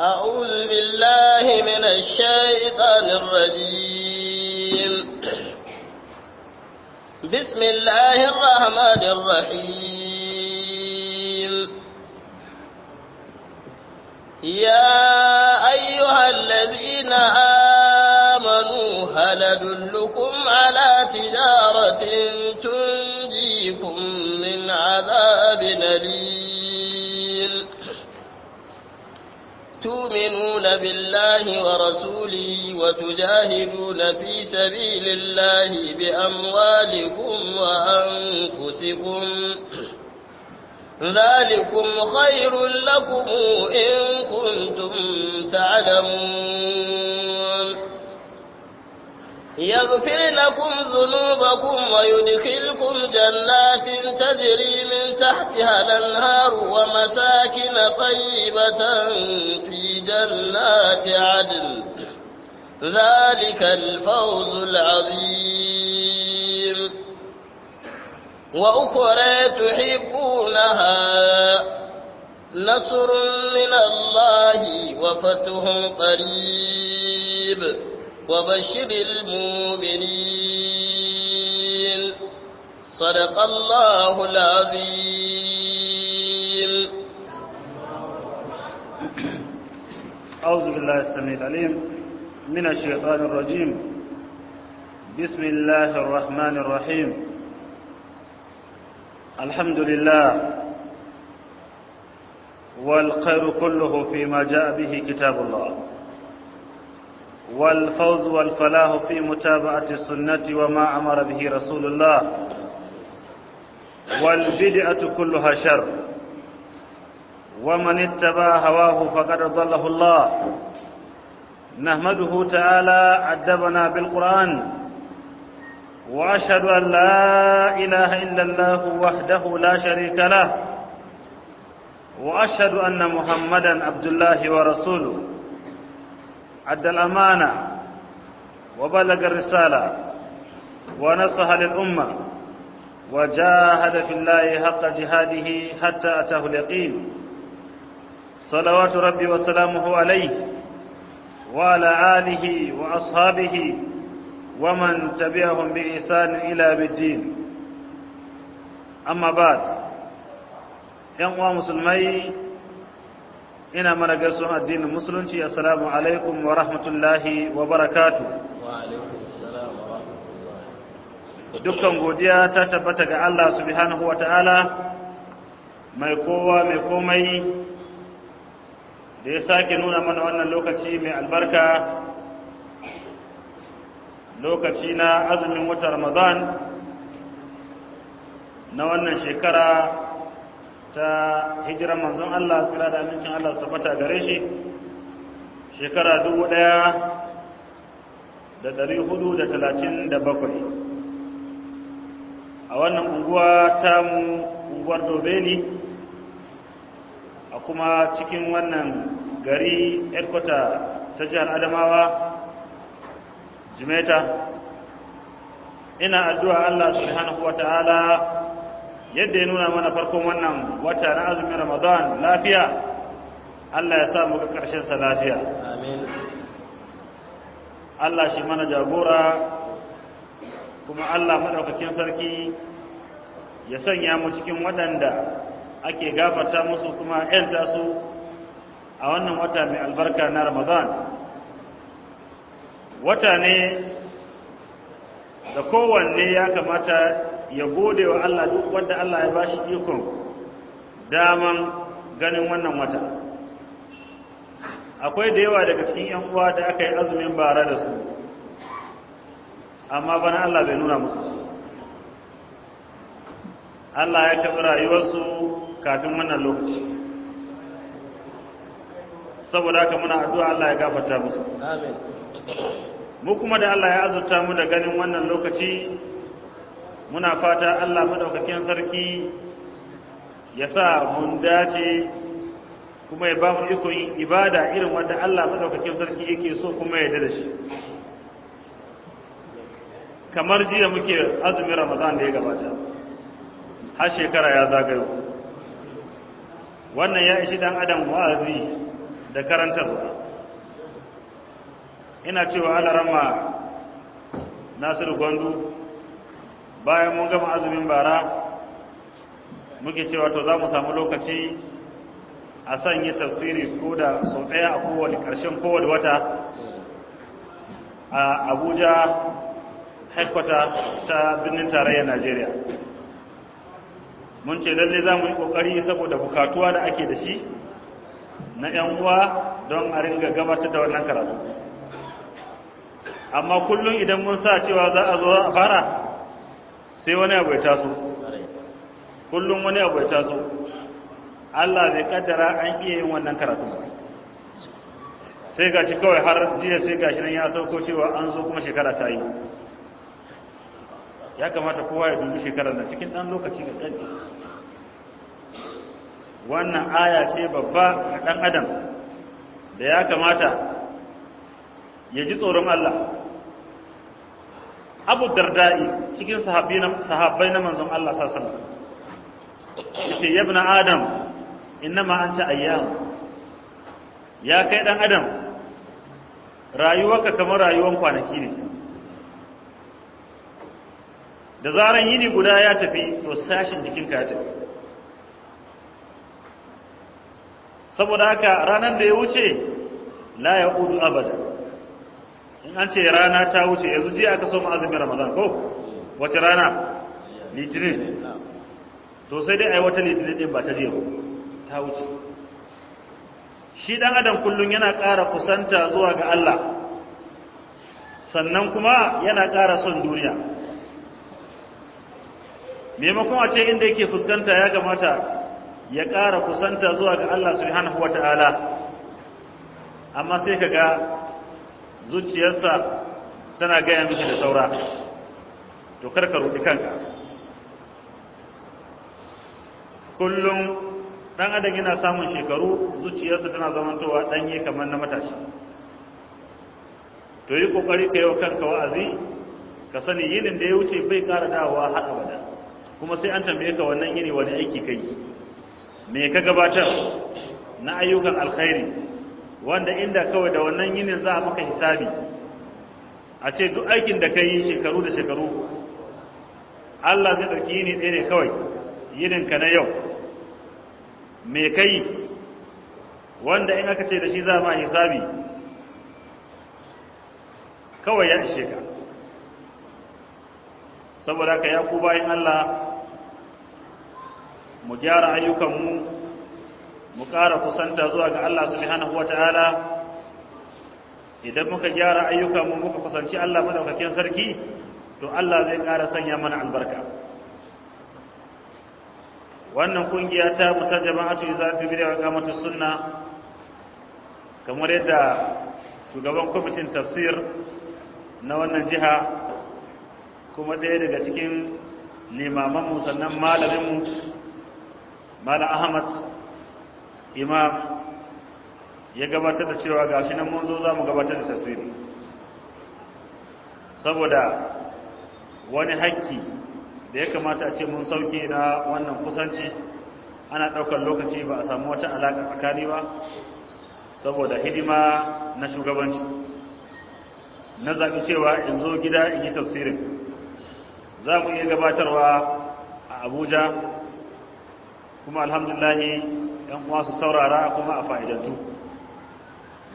أعوذ بالله من الشيطان الرجيم بسم الله الرحمن الرحيم يا أيها الذين آمنوا هل أدلكم على تجارة تنجيكم من عذاب أليم تؤمنون بالله ورسوله وتجاهدون في سبيل الله بأموالكم وأنفسكم ذلكم خير لكم إن كنتم تعلمون يغفر لكم ذنوبكم ويدخلكم جنات تجري من تحتها الأنهار ومساكن طيبة في جنات عدن ذلك الفوز العظيم وأخرى تحبونها نصر من الله وفتح قريب وبشر المؤمنين صدق الله العظيم أعوذ بالله السميع العليم من الشيطان الرجيم بسم الله الرحمن الرحيم الحمد لله والخير كله فيما جاء به كتاب الله والفوز والفلاح في متابعة السنة وما أمر به رسول الله والبدعة كلها شر ومن اتبع هواه فقد ضله الله نحمده تعالى عذبنا بالقرآن وأشهد أن لا إله إلا الله وحده لا شريك له وأشهد أن محمدا عبد الله ورسوله أدى الأمانة وبلغ الرسالة ونصح للأمة وجاهد في الله حق جهاده حتى أتاه اليقين صلوات ربي وسلامه عليه وعلى آله وأصحابه ومن تبعهم بإحسان إلى بالدين أما بعد يوم uwa ina mana gaisuwan addinin musulunci assalamu alaikum wa rahmatullahi wa barakatu dukkan godiya ta tabbata ga Allah subhanahu wa ta'ala mai kowa mai komai da ya sake nuna mana wannan lokaci mai albarka lokaci na azumin wata ramadan na wannan shekara ta hijiran manzon Allah Sira da amincin Allah su tabbata gare shi shekara dubu ɗaya da dari hudu da talatin da bakwai a wannan unguwa ta mu unguwar ne a kuma cikin wannan gari yarkwata ta jihar adamawa jimeta ina addu'a Allah subhanahu wa ta'ala yadda ya nuna mana farkon wannan wata na azumin ramadan lafiya Allah ya sa muka ƙarshen sa lafiya Allah shi mana jagora kuma Allah madaukakin sarki ya sanya mu cikin waɗanda ake gafarta musu kuma yanta su a wannan wata mai albarka na ramadan wata ne da kowanne ya kamata ya gode wa Allah duk wanda Allah ya bashi ikon daman ganin wannan wata akwai da yawa daga cikin yan uwa da aka yi azumin bara da su amma bana Allah bai nuna musu Allah ya taɓa rayuwarsu kafin wannan lokaci saboda haka muna addu'a Allah ya gafarta musu amin mu kuma da Allah ya azurta mu da ganin wannan lokaci muna fata Allah madaukakin sarki ya sa mun dace kuma ya ba mu ikon ibada irin wanda Allah madaukakin sarki yake so kuma ya da shi kamar jiya muke azumin Ramadan da ya gabata har shekara ya zagayo wannan ya ishi dan adam wa'azi da karanta su ina cewa alarama nasiru gwandu bayan mun gama azumin bara muke cewa to za mu samu lokaci a sanya tafsiri ko da sau ɗaya a kowane ƙarshen kowane wata a abuja haikwata ta birnin tarayyar najeriya mun ce lalle za mu yi ƙoƙari saboda bukatuwa da ake da shi na 'yan uwa don a ringa gabatar da wannan karatu amma kullum idan mun sa cewa za a zo a fara sai wani abu ya taso kullum wani abu ya taso Allah bai kaddara an iya yin wannan karatu sai ga shi kawai har jiya sai ga shi nan ya sauko cewa an zo kuma shekara ta yi ya kamata kowa ya dubi shekarar da cikin ɗan lokaci ga ɗan wannan aya ce babba ga ɗan adam da ya kamata ya ji tsoron Allah abu darda'i cikin sahabbai na manzon Allah sassan ce na adam innama an ta ayyam ya kai dan adam rayuwarka kamar rayuwar kwanaki ne da zaran yini guda ya tafi to sashin jikinka ya tafi saboda haka ranar da ya wuce la ya abada in an ce rana ta wuce yanzu jiya aka so azumin ramadan ko wace rana litinin to sai dai a wata litinin ɗin ba ta jiya ta wuce shi ɗan adam kullum yana ƙara kusanta zuwa ga Allah sannan kuma yana ƙara son duniya maimakon a ce inda yake fuskanta ya kamata ya ƙara kusanta zuwa ga Allah subhanahu wa ta'ala amma sai ka ga zuciyarsa tana gaya miki da saura to karka rudi kanka kullum dan adam yana samun shekaru zuciyarsa tana zamantowa danye kamar na matashi to yi kokari ka yi wa kanka wa'azi ka sani yinin da ya wuce bai ƙara dawowa har abada kuma sai an tambaye ka wannan yini wani aiki kai me ka gabatar na ayyukan alkhairi wanda inda kawai da wannan yinin za a maka hisabi a ce duk aikin da ka yi shekaru da shekaru Allah zai ɗauki yini ɗaya ne kawai yininka na yau me ka yi wanda in aka ce da shi za a hisabi kawai ya ishe ka saboda ka ya ku bayan Allah mu gyara ayyukanmu mu ƙara kusanta zuwa ga Allah subhanahu ta'ala idan muka gyara ayyuka mu muka kusanci Allah madaukakin sarki to Allah zai ƙara sanya mana albarka wannan ƙungiya ta mutar jama'atu za izafi bi da qamatu sunna kamar yadda shugaban kwamitin tafsir na wannan jiha kuma ɗaya daga cikin limamanmu sannan malaminmu malam ahmad imam ya gabatar da cewa gashi nan mun zo za mu gabatar da tafsiri saboda wani haƙƙi da ya kamata a ce mun sauke na wannan kusanci ana ɗaukar lokaci ba a samu wata alaƙa tsakani ba saboda hidima na shugabanci na zaɓi cewa in zo gida in yi tafsirin za mu iya gabatarwa a abuja kuma alhamdulillah. Ɗan uwa su saurara kuma a fa'idantu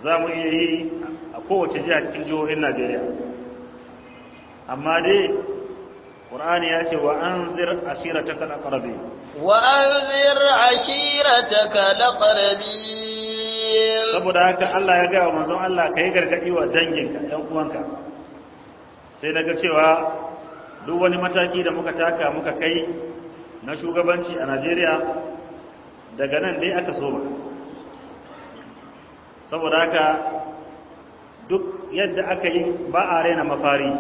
za mu iya yi a kowace jiya cikin jihohin najeriya amma dai ƙur'ani ya ce wa an zir ashira ta kan akarabi saboda haka allah ya gaya manzon allah ka yi gargaɗi wa danginka yan uwanka sai na ga cewa duk wani mataki da muka taka muka kai na shugabanci a najeriya daga nan dai aka soma saboda haka duk yadda aka yi ba a raina mafari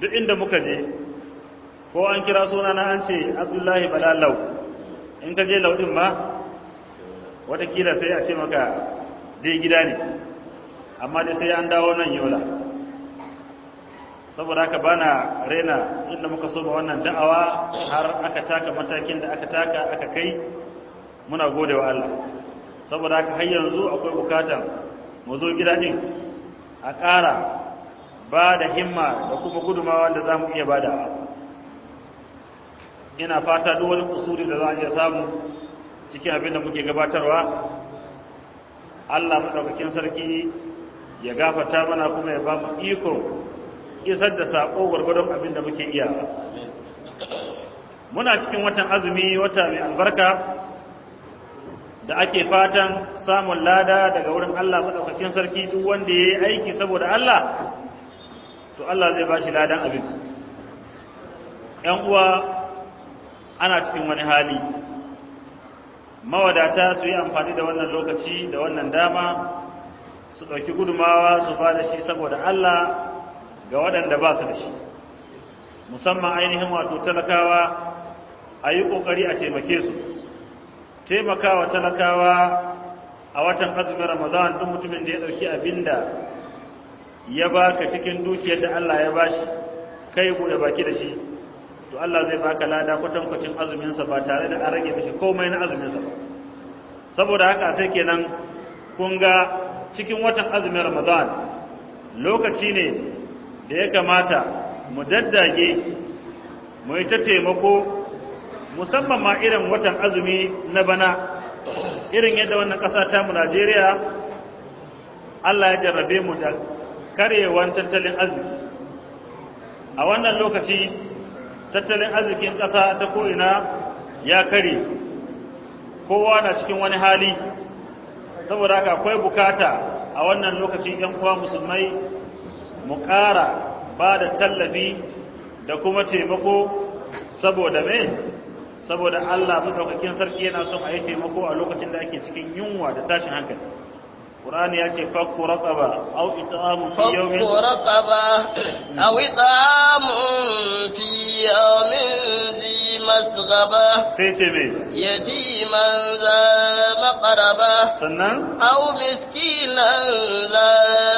duk inda muka je ko an kira suna na an ce abdullahi bala lau in ka je laudin ba, watakila sai a ce maka dai gida ne amma dai sai an dawo nan yola saboda haka bana rena inda muka so soma wannan da'awa har aka taka matakin da aka taka aka kai muna gode wa Allah saboda haka har yanzu akwai bukatar mu zo gida din a ƙara ba da himma da kuma gudumawa da za mu iya bada ina fata duk wani usuri da za a iya samu cikin abin da muke gabatarwa Allah maɗaukakin sarki ya gafata mana kuma ya ba mu iko isar da saƙo gwargwadon abin da muke iya muna cikin watan azumi wata mai albarka da ake fatan samun lada daga wurin Allah maɗaukakin sarki duk wanda ya yi aiki saboda Allah to Allah zai ba shi ladan abin ‘yan uwa ana cikin wani hali mawadata su yi amfani da wannan lokaci da wannan dama su ɗauki gudumawa su ba shi saboda Allah ga waɗanda ba su da shi musamman ainihin wato talakawa a yi ƙoƙari a taimake su taimakawa talakawa a watan azumin ramadan duk mutumin da ya ɗauki abin da ya baka cikin dukiyar da allah ya bashi kai buɗe baki da shi to allah zai baka lada kwatankwacin azuminsa ba tare da an rage mishi komai na azuminsa ba saboda haka sai kenan kun ga cikin watan azumin ramadan lokaci ne da ya kamata mu daddage mu yi ta taimako musamman ma irin watan azumi na bana irin yadda wannan ƙasa ta mu Najeriya Allah ya jarrabe mu da karyewan tattalin arziki a wannan lokaci tattalin arzikin ƙasa ta ko'ina ya kare kowa na cikin wani hali saboda haka akwai bukata a wannan lokaci 'yan uwa musulmai mu ƙara ba da tallafi da kuma taimako saboda me saboda Allah mutaukakin sarki yana son a yi taimako a lokacin da ake cikin yunwa da tashin hankali Qur'ani ya ce fakku raqaba aw it'amu fi yawmin fakku raqaba aw it'amu fi yawmin zi masghaba sai ce me yatiman za maqraba sannan aw miskinan za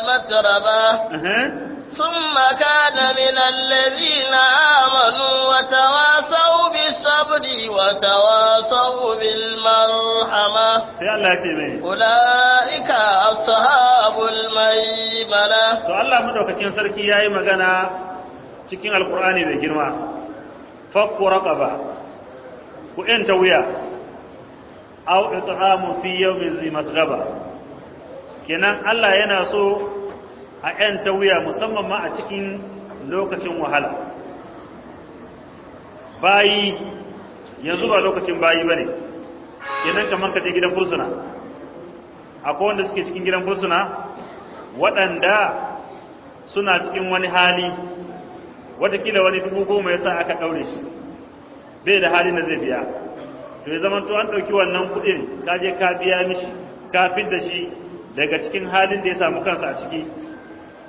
matraba ثم كان من الذين آمنوا وتواصوا بالصبر وتواصوا بالمرحمة أولئك أصحاب الميمنة to Allah madaukakin sarki yayi magana cikin alkur'ani mai girma fakku raqaba ku ta wuya aw it'amu fi yawmin zi masgaba. kenan Allah yana so a 'yan ta wuya musamman ma a cikin lokacin wahala bayi yanzu ba lokacin bayi ba ne kenan kamar ka je gidan fursuna akwai wanda suke cikin gidan fursuna waɗanda suna cikin wani hali watakila wani dubu goma ya sa aka ɗaure shi bai da hali na zai biya to ya zama to an ɗauki wannan kuɗin ka je ka biya mishi ka da shi daga cikin halin da ya samu kansa a ciki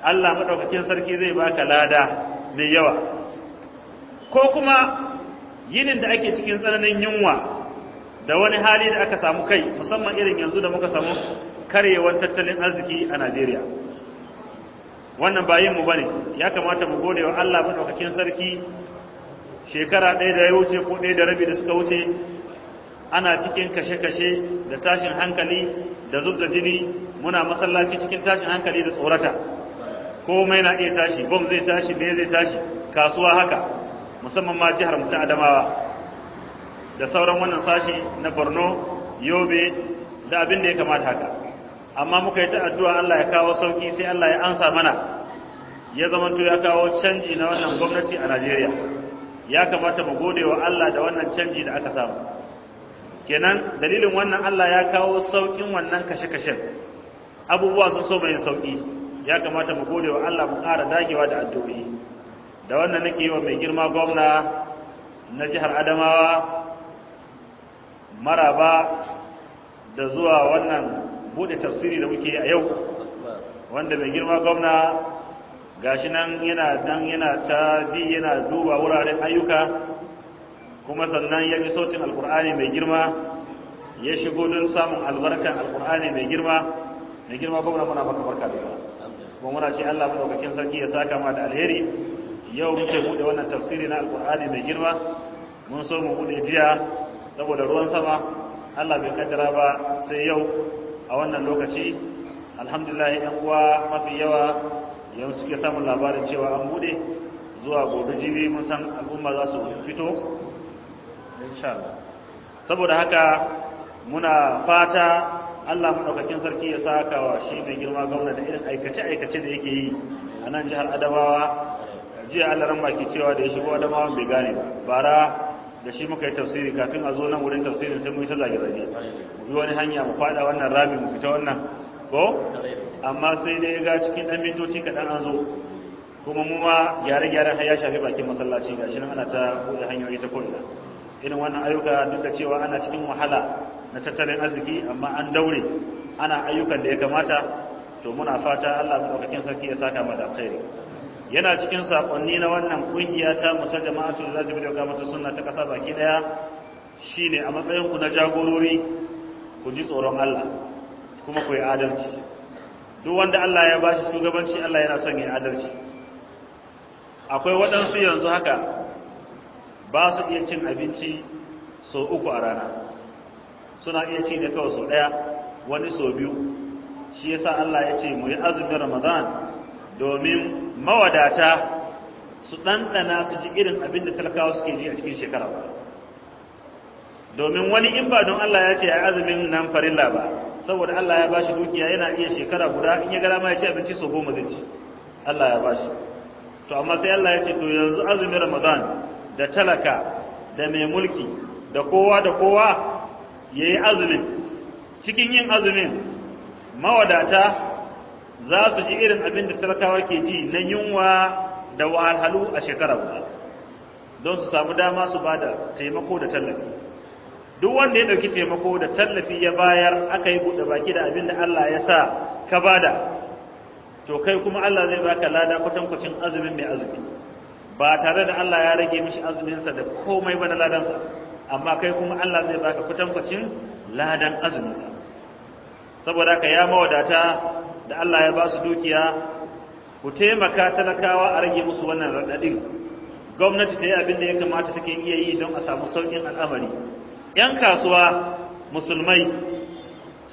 Allah madaukakin sarki zai baka lada mai yawa ko kuma yinin da ake cikin tsananin yunwa da wani hali da aka samu kai musamman irin yanzu da muka samu karewar tattalin arziki a Najeriya wannan ba yin mu bane ya kamata mu gode wa Allah madaukakin sarki shekara ɗaya da ya wuce ko ɗaya da rabi da suka wuce ana cikin kashe-kashe da tashin hankali da zub jini muna masallaci cikin tashin hankali da tsorata komai na iya tashi bom zai tashi me zai tashi kasuwa haka musamman ma jihar mutum Adamawa da sauran wannan sashi na Borno Yobe da abin da ya kamata haka amma muka yi ta addu'a Allah ya kawo sauki sai Allah ya ansa mana ya zamanto ya kawo canji na wannan gwamnati a Najeriya ya kamata mu gode wa Allah da wannan canji da aka samu kenan dalilin wannan Allah ya kawo saukin wannan kashe-kashen abubuwa sun so mai sauki ya kamata mu gode wa Allah mu ƙara dagewa da addu'o'i da wannan nake yi wa mai girma gwamna na jihar Adamawa maraba da zuwa wannan bude tafsiri da muke a yau wanda mai girma gwamna gashi nan yana dan yana ta bi yana duba wuraren ayyuka kuma sannan ya ji sautin alkur'ani mai girma ya shigo don samun albarkar alkur'ani mai girma mai girma gwamna muna maka barka da kuma muna ce Allah madaukakin sarki ya saka ma da alheri yau muke bude wannan tafsiri na alkur'ani mai girma mun so mu bude jiya saboda ruwan sama Allah bai kaddara ba sai yau a wannan lokaci alhamdulillah yan uwa mafi yawa yau suke samun labarin cewa an bude zuwa gobe jibi mun san al'umma za su fito insha Allah saboda haka muna fata Allah maɗaukakin sarki ya saka wa shi mai girma gwamna da irin aikace-aikace da yake yi a nan jihar Adamawa jiya Allah ran baki cewa da ya shigo Adamawa bai gane ba bara da shi muka yi tafsiri kafin a zo nan wurin tafsirin sai mun yi ta zage-zage mu wani hanya mu faɗa wannan rami mu fita wannan ko amma sai dai ga cikin ɗan mintoci kaɗan an zo kuma mu ma gyare-gyaren har ya shafi bakin masallaci gashi nan ana ta buɗe hanyoyi ta ko'ina irin wannan ayyuka duk da cewa ana cikin wahala na tattalin arziki amma an daure ana ayyukan da ya kamata to muna fata Allah madaukakin sarki ya saka mu da alkhairi yana cikin sakonni na wannan kungiya ta mu ta jama'atul zazibi da gamata sunna ta kasa baki daya shine a matsayin ku na jagorori ku ji tsoron Allah kuma ku yi adalci duk wanda Allah ya bashi shugabanci Allah yana son ya adalci akwai waɗansu yanzu haka ba su iya cin abinci sau uku a rana suna iya ci ne kawai sau ɗaya wani sau biyu shi yasa Allah ya ce mu yi azumin ramadan domin mawadata su ɗanɗana su ji irin abin da talakawa suke ji a cikin shekara domin wani in ba don Allah ya ce ya azumin nan farilla ba saboda Allah ya ba shi dukiya yana iya shekara guda in ya gara ma ya ci abinci sau goma zai ci Allah ya ba shi. to amma sai Allah ya ce to yanzu azumin ramadan da talaka da mai mulki da kowa da kowa ya yi azumin cikin yin azumin mawadata za su ji irin abin da talakawa ke ji na yunwa da wahalhalu a shekara ba, don su samu dama su bada da taimako da tallafi duk wanda ya ɗauki taimako da tallafi ya bayar aka yi buɗe baki da abin da Allah ya sa ka bada to kai kuma Allah zai baka lada kwatankwacin azumin mai azumi ba tare da Allah ya rage mishi azuminsa da komai ba na ladansa amma kai kuma Allah zai baka kwatankwacin ladan azuminsa saboda haka ya mawadata da Allah ya ba su dukiya ku taimaka talakawa a rage musu wannan raɗaɗin gwamnati ta yi abin da ya kamata take iya yi don a samu sauƙin al'amari 'yan kasuwa musulmai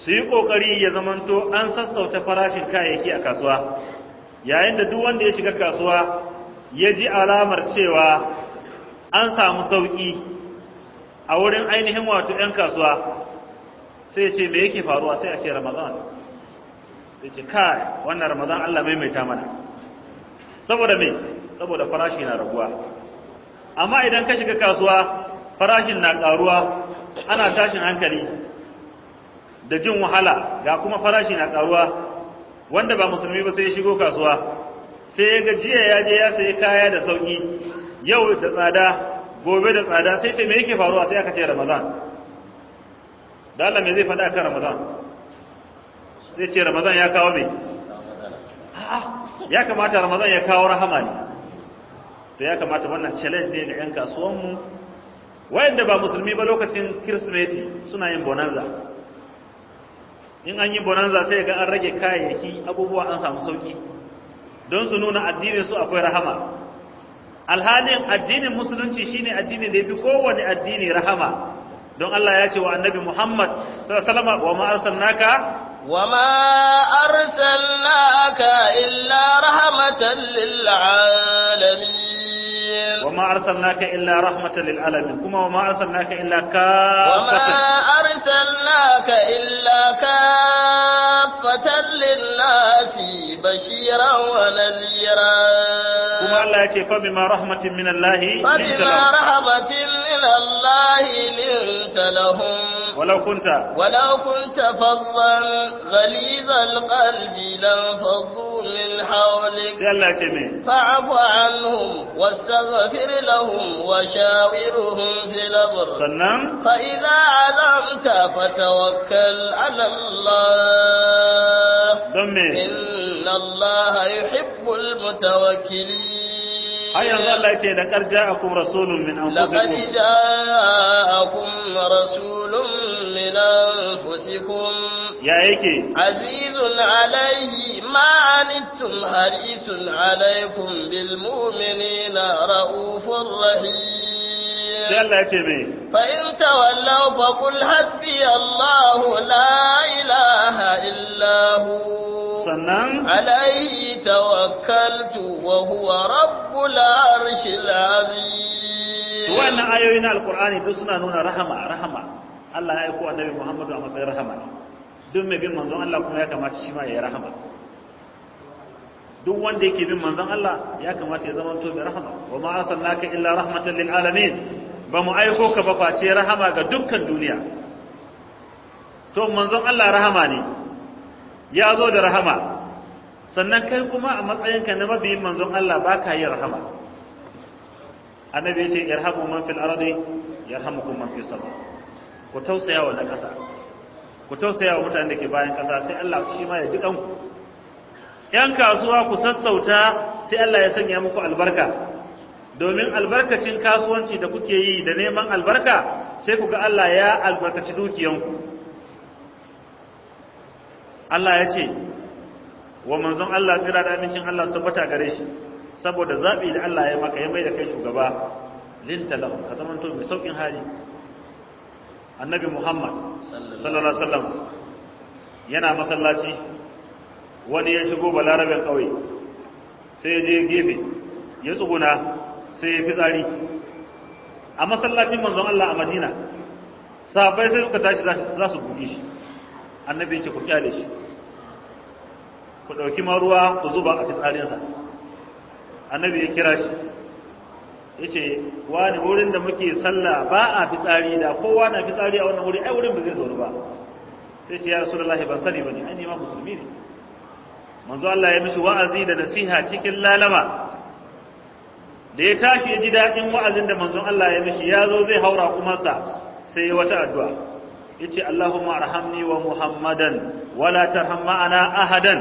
su yi ƙoƙari ya zamanto an sassauta farashin kayayyaki a kasuwa yayin da duk wanda ya shiga kasuwa ya ji alamar cewa an samu sauƙi a wurin ainihin wato 'yan kasuwa sai ce me yake faruwa sai a ce ramadan sai ce kai wannan ramadan Allah mai mana saboda me saboda farashi na raguwa amma idan ka shiga kasuwa farashin na karuwa ana tashin hankali da jin wahala ga kuma farashi na karuwa wanda ba musulmi ba sai ya shigo kasuwa sai ya gajiya ya je ya sayi kaya da sauki yau da tsada gobe da tsada sai ce me yake faruwa sai aka ce ramadan da Allah me zai faɗa aka ramadan zai ce ramadan ya kawo me ya kamata ramadan ya kawo rahama ne to ya kamata wannan challenge ne ga 'yan kasuwanmu wayanda ba musulmi ba lokacin kirsimeti suna yin bonanza in an yi bonanza sai ga an rage kayayyaki abubuwa an samu sauki don su nuna addinin su akwai rahama alhalin addinin musulunci shine addini da yafi kowane addini rahama don Allah ya ce wa annabi Muhammad sallallahu alaihi wasallam wa ma arsalnaka وما أرسلناك إلا رحمة للعالمين وما أرسلناك إلا رحمة للعالمين كما وما أرسلناك إلا كافة وما أرسلناك إلا كافة للناس بشيرا ونذيرا كما الله يكي فبما رحمة من الله فبما رحمة من الله لنت لهم ولو كنت ولو كنت فضلا غليظ القلب لانفضوا من حولك فاعف عنهم واستغفر لهم وشاورهم في الأمر فإذا علمت فتوكل على الله إن الله يحب المتوكلين أي الله لا يتي أرجاءكم رسول من أنفسكم لقد جاءكم رسول من أنفسكم يا إيكي عزيز عليه ما عنتم حريص عليكم بالمؤمنين رؤوف رحيم sai Allah ya ce me fa in tawallaw fa qul hasbi Allahu la ilaha illa hu sannan Alayhi tawakkaltu wa huwa rabbul arshil azim wannan ayoyi na alqur'ani duk suna nuna rahama rahama Allah ya aiko annabi Muhammadu a matsayin rahama duk mai bin manzon Allah kuma ya kamata shi ma ya yi rahama duk wanda yake bin manzon Allah ya kamata ya zama to bi rahama wa ma arsalnaka illa rahmatan lil alamin ba mu aiko ka ba face rahama ga dukkan duniya to manzon Allah rahama ne ya zo da rahama sannan kai kuma a matsayinka na mabiyin manzon Allah ba ka yi rahama annabi ya ce irhamu man fil ardi yarhamukum man fis sama ku tausaya wa na ƙasa ku tausaya wa mutanen da ke bayan ƙasa sai Allah shi ma ya ji ɗanku ‘yan kasuwa ku sassauta sai Allah ya sanya muku albarka domin albarkacin kasuwanci da kuke yi da neman albarka sai ku ga Allah ya albarkaci dukiyanku Allah ya ce wa manzon Allah tsira da amincin Allah su bata gare shi saboda zabi da Allah ya maka ya mai da kai shugaba linta ka zama to mai saukin hali annabi Muhammad sallallahu alaihi wasallam yana masallaci wani ya shigo Balarabe kauye sai ya je gefe ya tsuguna sai ya fitsari a masallacin manzon Allah a Madina sahabbai sai suka tashi za su buge shi annabi yake ku kyale shi ku ɗauki ma ruwa ku zuba a fitsarinsa annabi ya kira shi ya ce wani wurin da muke sallah ba a fitsari da kowa na fitsari a wannan wuri ai wurin ba zai zaune ba sai ce ya rasu da lahi ban sani ba ne an nema musulmi ne manzo Allah ya mishi wa'azi da nasiha cikin lalama da ya tashi ya ji daɗin wa'azin da manzon Allah ya mishi ya zo zai haura kuma sa sai yi wata addu'a ya ce Allahumma arhamni wa Muhammadan wala tarham ma'ana ahadan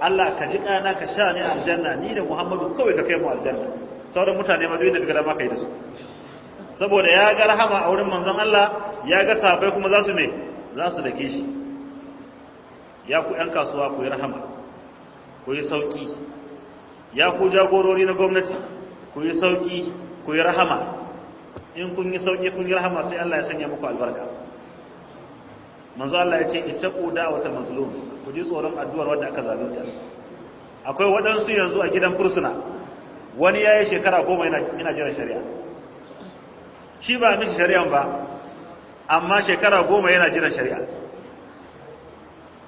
Allah ka ji ƙana ka sha ni aljanna ni da Muhammadu kawai ka kai mu aljanna sauran mutane ma duk da kai da su saboda ya ga rahama a wurin manzon Allah ya ga sahabbai kuma za su ne za su dake shi ya ku ƴan kasuwa ku yi rahama ku yi sauƙi. ya ku jagorori na gwamnati ku yi sauki ku yi rahama in kun yi sauki kun yi rahama sai Allah ya sanya muku albarka manzo Allah ya ce ittaqu wata mazlum ku ji tsoron addu'ar wanda aka zalunta akwai waɗansu yanzu a gidan fursuna wani yayi shekara goma yana jira shari'a shi ba mishi shari'an ba amma shekara goma yana jira shari'a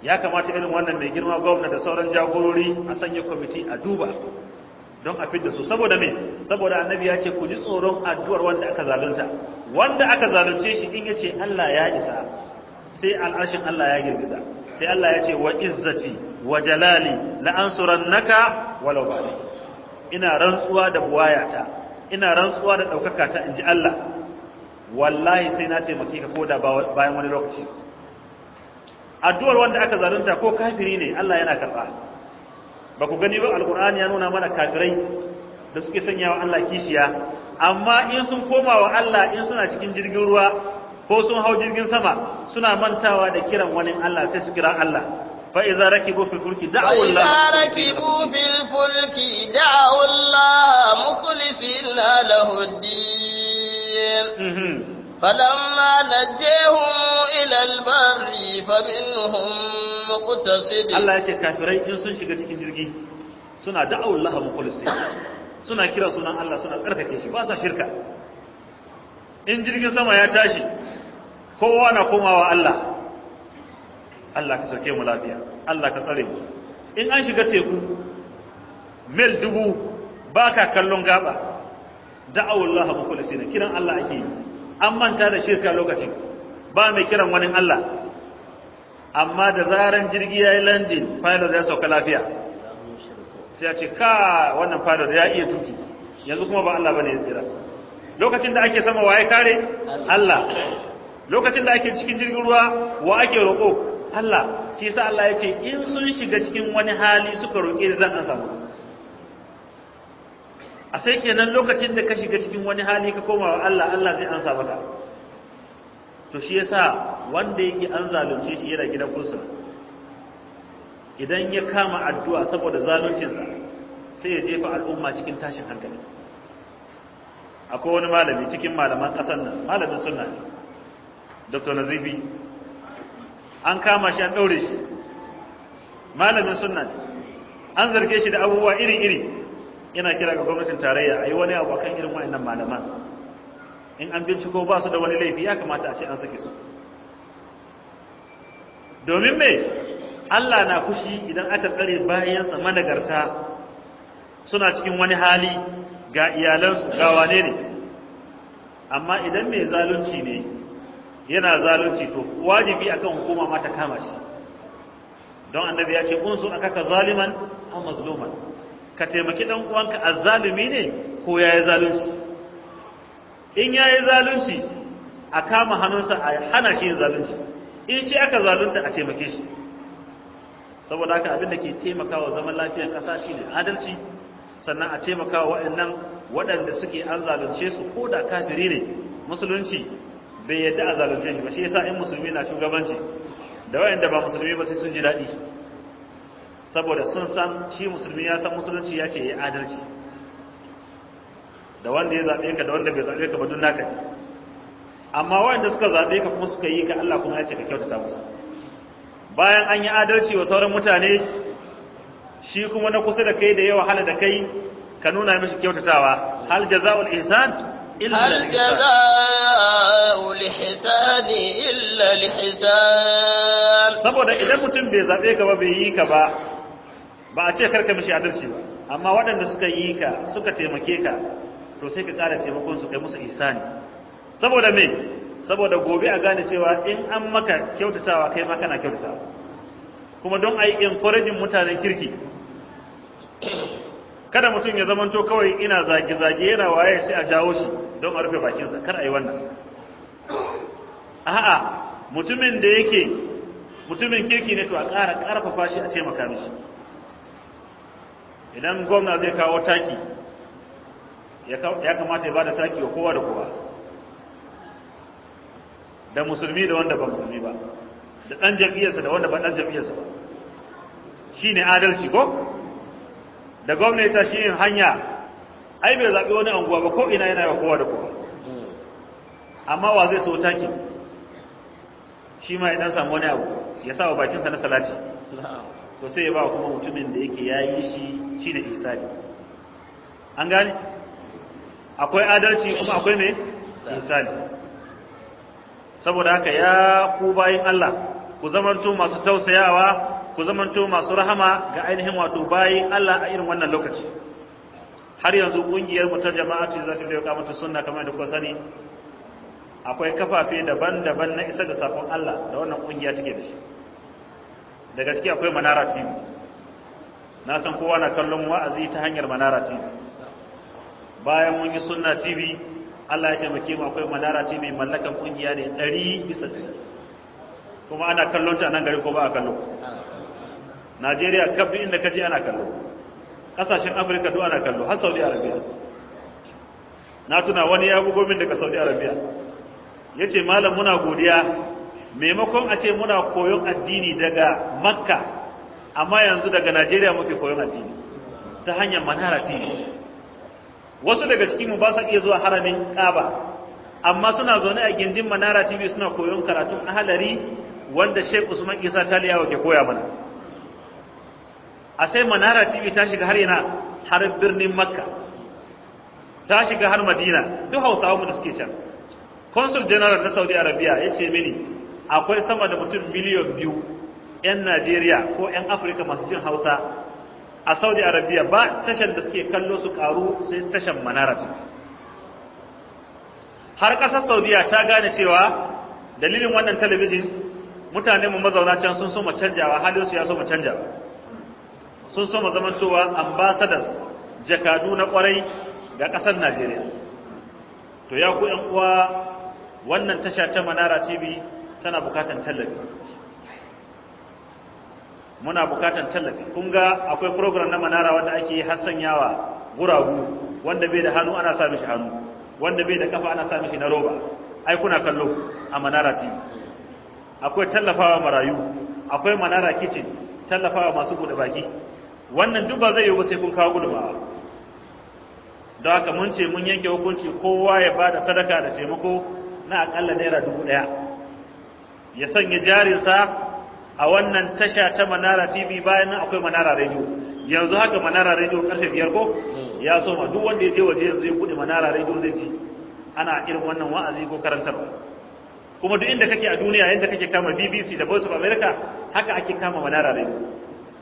ya kamata irin wannan mai girma gwamna da sauran jagorori a sanya kwamiti a duba don a fidda su saboda me saboda annabi ya ce ku ji tsoron addu'ar wanda aka zalunta wanda aka zalunce shi in yace Allah ya isa sai al'ashin Allah ya girgiza sai Allah ya ce wa izzati wa jalali la naka walau ina rantsuwa da buwayata ina rantsuwa da ɗaukaka ta in ji Allah wallahi sai na taimake ka koda bayan wani lokaci addu'ar wanda aka zalunta ko kafiri ne Allah yana karɓa ba ku gani ba alkur'ani ya nuna mana kafirai da suke sanya wa Allah kishiya amma in sun koma wa Allah in suna cikin jirgin ruwa ko sun hau jirgin sama suna mantawa da kiran wani Allah sai su kira Allah فإذا ركبوا في الفلك دعوا الله فإذا ركبوا في الفلك دعوا الله مخلصين له الدين فلما نجيهم إلى البر فمنهم مقتصد الله يكي كافرين إن سن شكا تكين جرقي سنة دعو الله مخلصين سنة كرا سنة الله سنة أركا كيشي باسا شركة إن جرقي سما يتاشي كوانا كوما الله Allah ka sauke mu lafiya Allah ka tsare mu in an shiga teku mil dubu baka kallon gaba da'awullahu mukhlisina kiran Allah ake yi an manta da shirka lokacin ba mai kiran wani Allah amma da zaran jirgi ya yi landin pilot ya sauka lafiya sai ya ce ka wannan pilot ya iya tuki yanzu kuma ba Allah bane ya tsira lokacin da ake sama wa ya kare Allah lokacin da ake cikin jirgin ruwa wa ake roƙo Allah shi sa Allah ya ce in sun shiga cikin wani hali suka roƙe zan an samu su a sai kenan lokacin da ka shiga cikin wani hali ka koma wa Allah Allah zai ansa maka to shi yasa wanda yake an zalunce shi yana gidan kursa idan ya kama addu'a saboda zaluncinsa sai ya jefa al'umma cikin tashin hankali akwai wani malami cikin malaman ƙasar nan malamin sunna ne dr nazifi an kama shi an ɗaure shi malamin sunna ne an zarge shi da abubuwa iri-iri yana kira ga gwamnatin tarayya a yi wani abu akan irin wa'annan malaman in an binciko ba su da wani laifi ya kamata a ce an sake su domin me Allah na kushi idan aka tsare bayansa managarta suna cikin wani hali ga iyalansu ga wane ne amma idan mai zalunci ne yana zalunci to wajibi akan hukuma mata ta kama shi don annabi ya ce aka ka zaliman aw mazluman ka taimaki dan uwanka zalumi ne ko ya yi zalunci in ya yi zalunci a kama hannunsa a hana shi yin zalunci in shi aka zalunta a taimake shi saboda haka abin da ke taimakawa zaman lafiyar ƙasa ne adalci sannan a taimakawa waɗannan waɗanda suke an zalunce su ko da kafiri ne musulunci bai yadda a zalunce shi ba shi yasa in musulmi na shugabanci da waɗanda ba musulmi ba sai sun ji daɗi saboda sun san shi musulmi ya san musulunci ya ce ya adalci da wanda ya zaɓe ka da wanda bai zaɓe ka ba duk naka ne amma wanda suka zaɓe ka kuma suka yi ka Allah kuma ya ce ka kyautata musu bayan an yi adalci wa sauran mutane shi kuma na kusa da kai da ya wahala da kai ka nuna mishi kyautatawa hal jaza'ul ihsan illa hal jaza'ul ihsan illa al saboda idan mutum bai zaɓe ka ba bai yi ka ba ba a ce karka mishi adalci ba amma waɗanda suka yi ka suka taimake ka to sai ka ƙara taimakon su kai musu ihsani saboda me saboda gobe a gane cewa in an maka kyautatawa kai ma kana kyautatawa kuma don a yi encouraging mutanen kirki kada mutum ya zamanto kawai ina zage-zage yana waye sai a jawo shi don a rufe bakinsa kar a yi wannan a'a mutumin da yake mutumin kirki ne to a ƙara ƙarfafa shi a taimaka mishi idan gwamna zai kawo taki ya kamata ya ba da taki wa kowa da kowa da musulmi da wanda ba musulmi ba da ɗan jam'iyyarsa da wanda ba ɗan jam'iyyarsa ba shi ne adalci ko da gwamnati ta shi yin hanya ai bai zaɓi wani anguwa ba ko ina yana yawa kowa da kowa amma wa zai so taki shi ma idan samu wani abu ya sa wa bakinsa na salati to sai ya ba kuma mutumin da yake ya yi shi shine ihsani an gani akwai adalci kuma akwai me Isali. saboda haka ya ku bayin Allah ku zamanto masu tausayawa ku zamanto masu rahama ga ainihin wato bayin Allah a irin wannan lokaci har yanzu kungiyar mu ta ce za ta da kamata sunna kamar da ku sani akwai kafafe daban-daban na isa ga sakon Allah da wannan kungiya take da shi daga ciki akwai manara tv na san kowa na kallon wa'azi ta hanyar manara tv bayan mun yi sunna tv Allah ya taimake mu akwai manara tv mai mallakan kungiya ne 100 kuma ana kallon ta nan gari ko ba a kallo Najeriya kaf inda ka je ana kallo kasashen Afirka duk ana kallo har Saudi Arabia na tuna wani ya bugo min daga Saudi Arabia yace malam muna godiya maimakon a ce muna koyon addini daga Makka amma yanzu daga Najeriya muke koyon addini ta hanyar manara TV wasu daga cikin mu ba su iya zuwa haramin kaba amma suna zaune a gindin manara TV suna koyon karatun ahalari wanda Sheikh Usman Isa Taliyawa ke koya mana a sai manara TV ta shiga har yana har birnin Makka ta shiga har Madina duk Hausawa mu da suke can Consul General na Saudi Arabia ya ce mini akwai sama da mutum miliyan biyu 'yan najeriya ko 'yan afirka masu jin hausa a saudi arabia ba tashar da suke kallo su karu sai tashar manarat har ƙasar saudiya ta gane cewa dalilin wannan talabijin mutane mu mazauna can sun so mu canjawa halin su ya so canja, canjawa sun so mu zamantowa ambassadors jakadu na kwarai ga ƙasar najeriya to ya ku 'yan uwa wannan tasha ta manara tv tana bukatan tallafi muna bukatan tallafi kun ga akwai program na manara wanda ake hassanyawa guragu wanda bai da hannu ana sa mishi hannu wanda bai da kafa ana sa mishi na roba ai kuna kallo a manara ce. akwai tallafawa marayu akwai manara kitchen tallafawa masu bude baki wannan duk ba zai yiwu ba sai kun kawo gudunmawa don haka mun ce mun yanke hukunci kowa ya ba da sadaka da taimako na akalla naira dubu ɗaya ya sanya jarinsa a wannan tasha ta manara tv bayan akwai manara radio yanzu haka manara radio karfe biyar ko hmm. ya soma duk wanda ya je waje yanzu ya bude manara radio zai ci ana irin wannan wa'azi ko karantarwa kuma duk inda kake a duniya yadda kake kama bbc da voice of america haka ake kama manara radio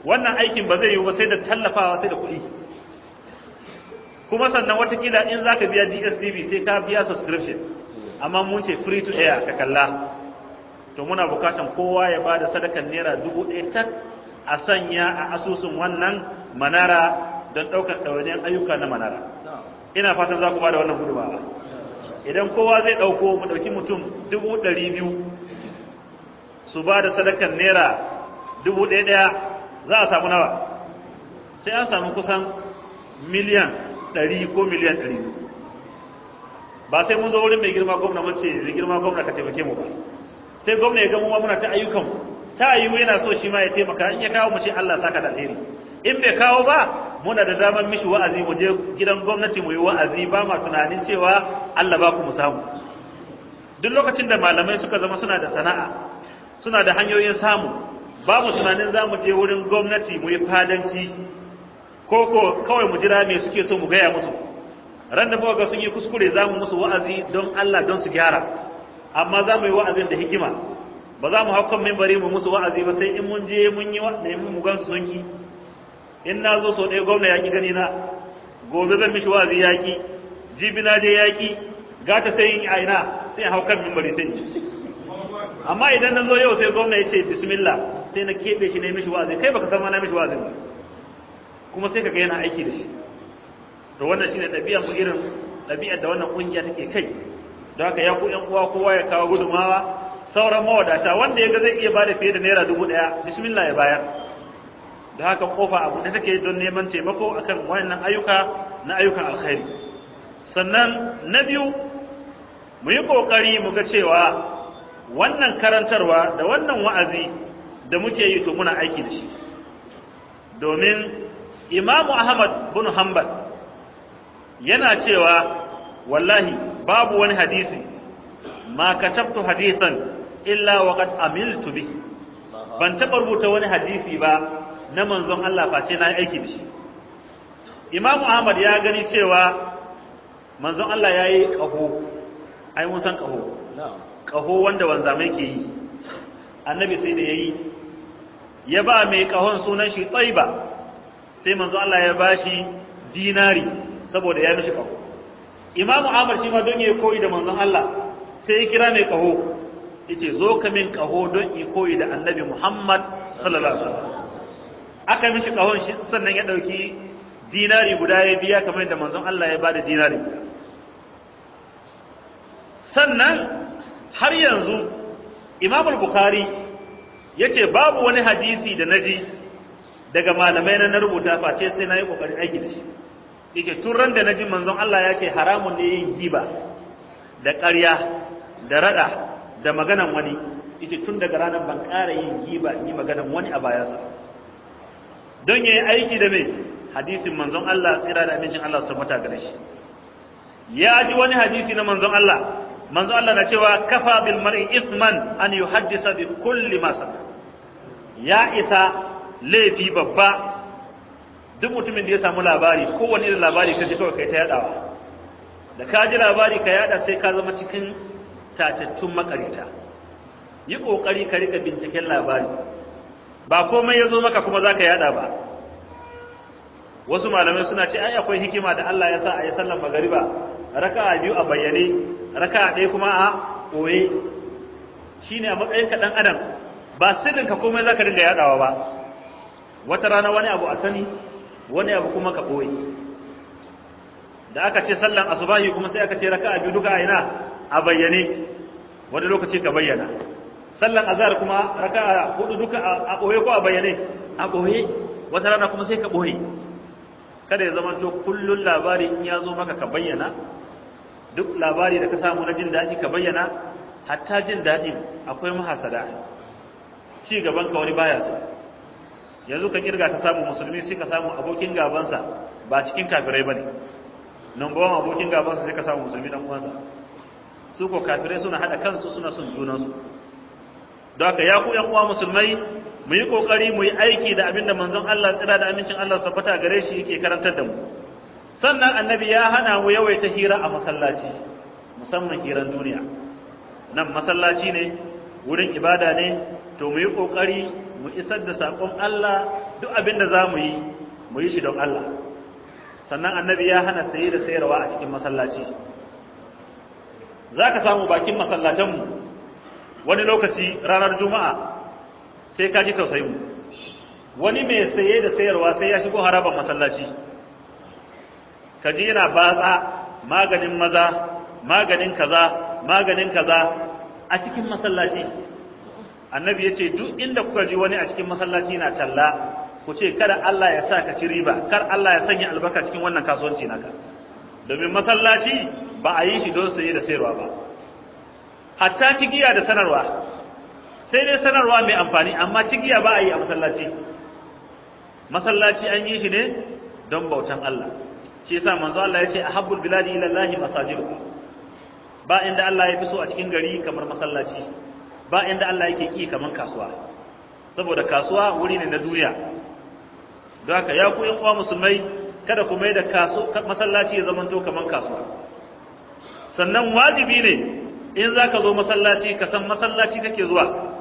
wannan aikin ba zai yi ba sai da tallafawa sai da kuɗi kuma sannan watakila in zaka biya dstv sai ka biya subscription amma mun ce free to air ka kalla to muna bukatan kowa ya bada sadakan naira dubu ɗaya tak a sanya a asusun wannan manara don ɗaukar ɗawainiyar ayyuka na manara ina fatan za ku bada wannan gudunmawa idan kowa zai ɗauko mu ɗauki mutum dubu ɗari biyu su ba da sadakan naira dubu ɗaya ɗaya za a samu nawa sai an samu kusan miliyan ɗari ko miliyan ɗari ba sai mun zo wurin mai girma gwamna mace mai girma gwamna ka taimake mu ba sai gwamna ya ga mu muna ta ayyukan ta yiwu yana so shi ma ya taimaka in ya kawo mu ce Allah saka da alheri in bai kawo ba muna da zaman mishi wa'azi mu je gidan gwamnati mu yi wa'azi ba ma tunanin cewa Allah ba ku mu samu duk lokacin da malamai suka zama suna da sana'a suna da hanyoyin samu babu tunanin za mu je wurin gwamnati mu yi fadanci ko ko kawai mu jira me suke so mu gaya musu ran da ga sun yi kuskure zamu musu wa'azi don Allah don su gyara amma za mu yi wa'azin da hikima ba za mu hau kan mu musu wa'azi ba sai in mun je mun yi da mu gansu sun ki in na zo sau ɗaya gwamna yaƙi gani na gobe zan mishi wa'azi yaƙi jibi na je yaƙi gata sai yin aina sai hau kan mimbari sai ji amma idan na zo yau sai gwamna ya ce bismillah sai na keɓe shi na yi mishi wa'azi kai baka san ma na mishi wa'azi ba kuma sai ka ga yana aiki da shi to wannan shine ɗabi'ar mu irin ɗabi'ar da wannan ƙungiya take kai da haka ya ku yan uwa kowa ya kawo gudumawa sauran mawadata wanda ya ga zai iya bada fiye da naira dubu ɗaya bismillah ya bayar da haka kofa abu da take don neman taimako akan wayannan ayyuka na ayyukan alkhairi sannan na biyu mu yi kokari mu ga cewa wannan karantarwa da wannan wa'azi da muke yi to muna aiki da shi domin imamu ahmad bin hanbal yana cewa wallahi babu wani hadisi ma katabtu hadisan illa waqad amiltu bi ban taɓa rubuta wani hadisi ba na manzon Allah face na aiki da shi Imam Ahmad ya gani cewa manzon Allah ya yi ƙaho ai mun san ƙaho ƙaho wanda wanzamai ke yi annabi sai da ya yi ya ba mai ƙahon sunan shi tsaiba sai manzon Allah ya bashi dinari saboda ya mishi ƙaho Imamu amr shi ma don ya koyi da manzon Allah sai ya kira mai kaho yace zo ka min kaho don yi koyi da annabi Muhammad sallallahu alaihi wasallam aka mishi kahon shi sannan ya dauki dinari guda ya biya kamar da manzon Allah ya bada dinari sannan har yanzu Imam al-Bukhari yace babu wani hadisi da naji daga malamai na rubuta face sai nayi kokarin aiki da shi yake turan da ji manzon Allah ya ce haramun ne yin giba da ƙarya da rada da maganan wani yake tun daga ranar ban ƙara yin giba ni maganan wani a bayansa don yayi aiki da mai hadisin manzon Allah tsira da amincin Allah su mata gare shi ya ji wani hadisi na manzon Allah manzon Allah na cewa kafa bil mar'i Isman an yuhaddisa bi kulli ma ya isa laifi babba duk mutumin da ya samu labari kowane irin labari ka ji kawai kai ta yadawa da ka ji labari ka yada sai ka zama cikin tatattun makarita yi kokari ka rika binciken labari ba komai ya zo maka kuma za ka yada ba wasu malamai suna ce ai akwai hikima da Allah ya sa a yi sallar magariba raka'a biyu a bayyane raka'a ɗaya kuma a ɓoye shine a matsayin ka ɗan adam ba sirrin ka komai za ka dinga yadawa ba wata rana wani abu a sani wani abu kuma ka ɓoye da aka ce sallan asubahi kuma sai aka ce raka'a biyu duka a ina a bayyane wani lokaci ka bayyana sallan azhar kuma raka'a hudu duka a ɓoye ko a bayyane a ɓoye wata rana kuma sai ka ɓoye kada ya zama to kullun labari in ya zo maka ka bayyana duk labari da ka samu na jin daɗi ka bayyana hatta jin daɗin akwai mahasada ci gaban ka wani baya so yanzu ka kirga ta samu musulmi sai ka samu abokin gabansa ba cikin kafirai bane nan ba abokin gabansa sai ka samu musulmi dan uwansa su ko kafirai suna hada kansu suna son junansu don haka ya ku yan uwa musulmai mu yi kokari mu yi aiki da abinda manzon Allah tsira da amincin Allah fata gare shi yake karantar da mu sannan annabi ya hana mu yawaita hira a masallaci musamman hiran duniya nan masallaci ne wurin ibada ne to mu yi kokari mu isar da saƙon Allah duk abin da za mu yi mu yi shi don Allah sannan annabi ya hana saye da sayarwa a cikin masallaci za ka samu bakin mu wani lokaci ranar juma'a sai ka ji tausayinmu wani mai saye da sayarwa sai ya shigo haraban masallaci ka ji yana batsa maganin maza maganin kaza maganin kaza a cikin masallaci annabi ya ce duk inda kuka ji wani a cikin masallaci na talla ku ce kada Allah ya sa ka ci riba kar Allah ya sanya albarka cikin wannan kasuwanci naka domin masallaci ba a yi shi don saye da sayarwa ba hatta cigiya da sanarwa sai dai sanarwa mai amfani amma cigiya ba a yi a masallaci masallaci an yi shi ne don bautan Allah shi yasa manzo Allah ya ce ahabbul biladi ila Allah masajidu ba inda Allah ya fi so a cikin gari kamar masallaci ba inda Allah yake ki kaman kasuwa saboda kasuwa wuri ne na duniya don haka ya ku uwa musulmai kada ku mai da masallaci ya zamanto kaman kasuwa sannan wajibi ne in za ka zo masallaci ka san masallaci kake zuwa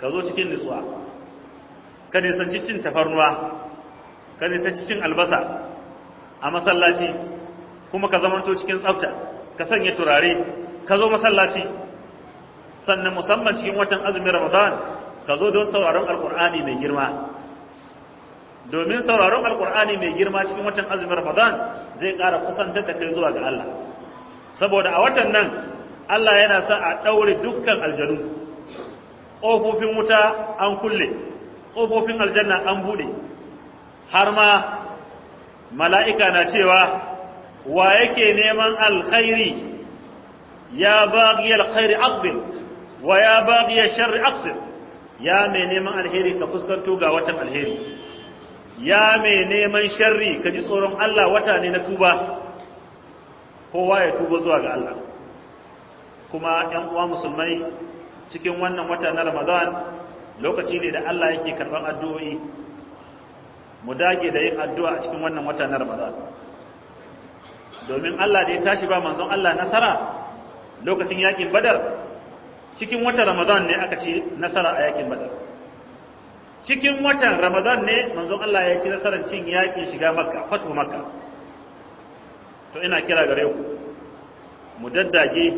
ka zo cikin nutsuwa ka nisan cin tafarnuwa ka nisan cin albasa a masallaci kuma ka zamanto cikin tsafta ka sanya turare ka zo masallaci sannan musamman cikin watan azumin ramadan ka zo don sauraron alkur'ani mai girma domin sauraron alkur'ani mai girma cikin watan azumin ramadan zai ƙara kusantar da kai zuwa ga Allah saboda a watan nan Allah yana sa a ɗaure dukkan aljanu Kofofin wuta an kulle Kofofin aljanna an bude. har ma mala'ika na cewa wa yake neman alkhairi ya baƙi alkhairi aqbil wa ya ya sharri aqsir ya mai neman alheri ka fuskanto ga watan alheri ya mai neman sharri ka ji tsoron Allah wata ne na tuba kowa ya tuba zuwa ga Allah kuma 'yan uwa musulmai cikin wannan wata na Ramadan lokaci ne da Allah yake karban addu'o'i mu dage da yin addu'a a cikin wannan wata na Ramadan domin Allah da ya tashi ba manzon Allah nasara lokacin yakin Badar cikin watan ramadan ne aka ci nasara a yakin badar cikin watan ramadan ne manzon Allah ya ci nasarar cin yakin shiga makka fatu makka to ina kira gare ku mu daddage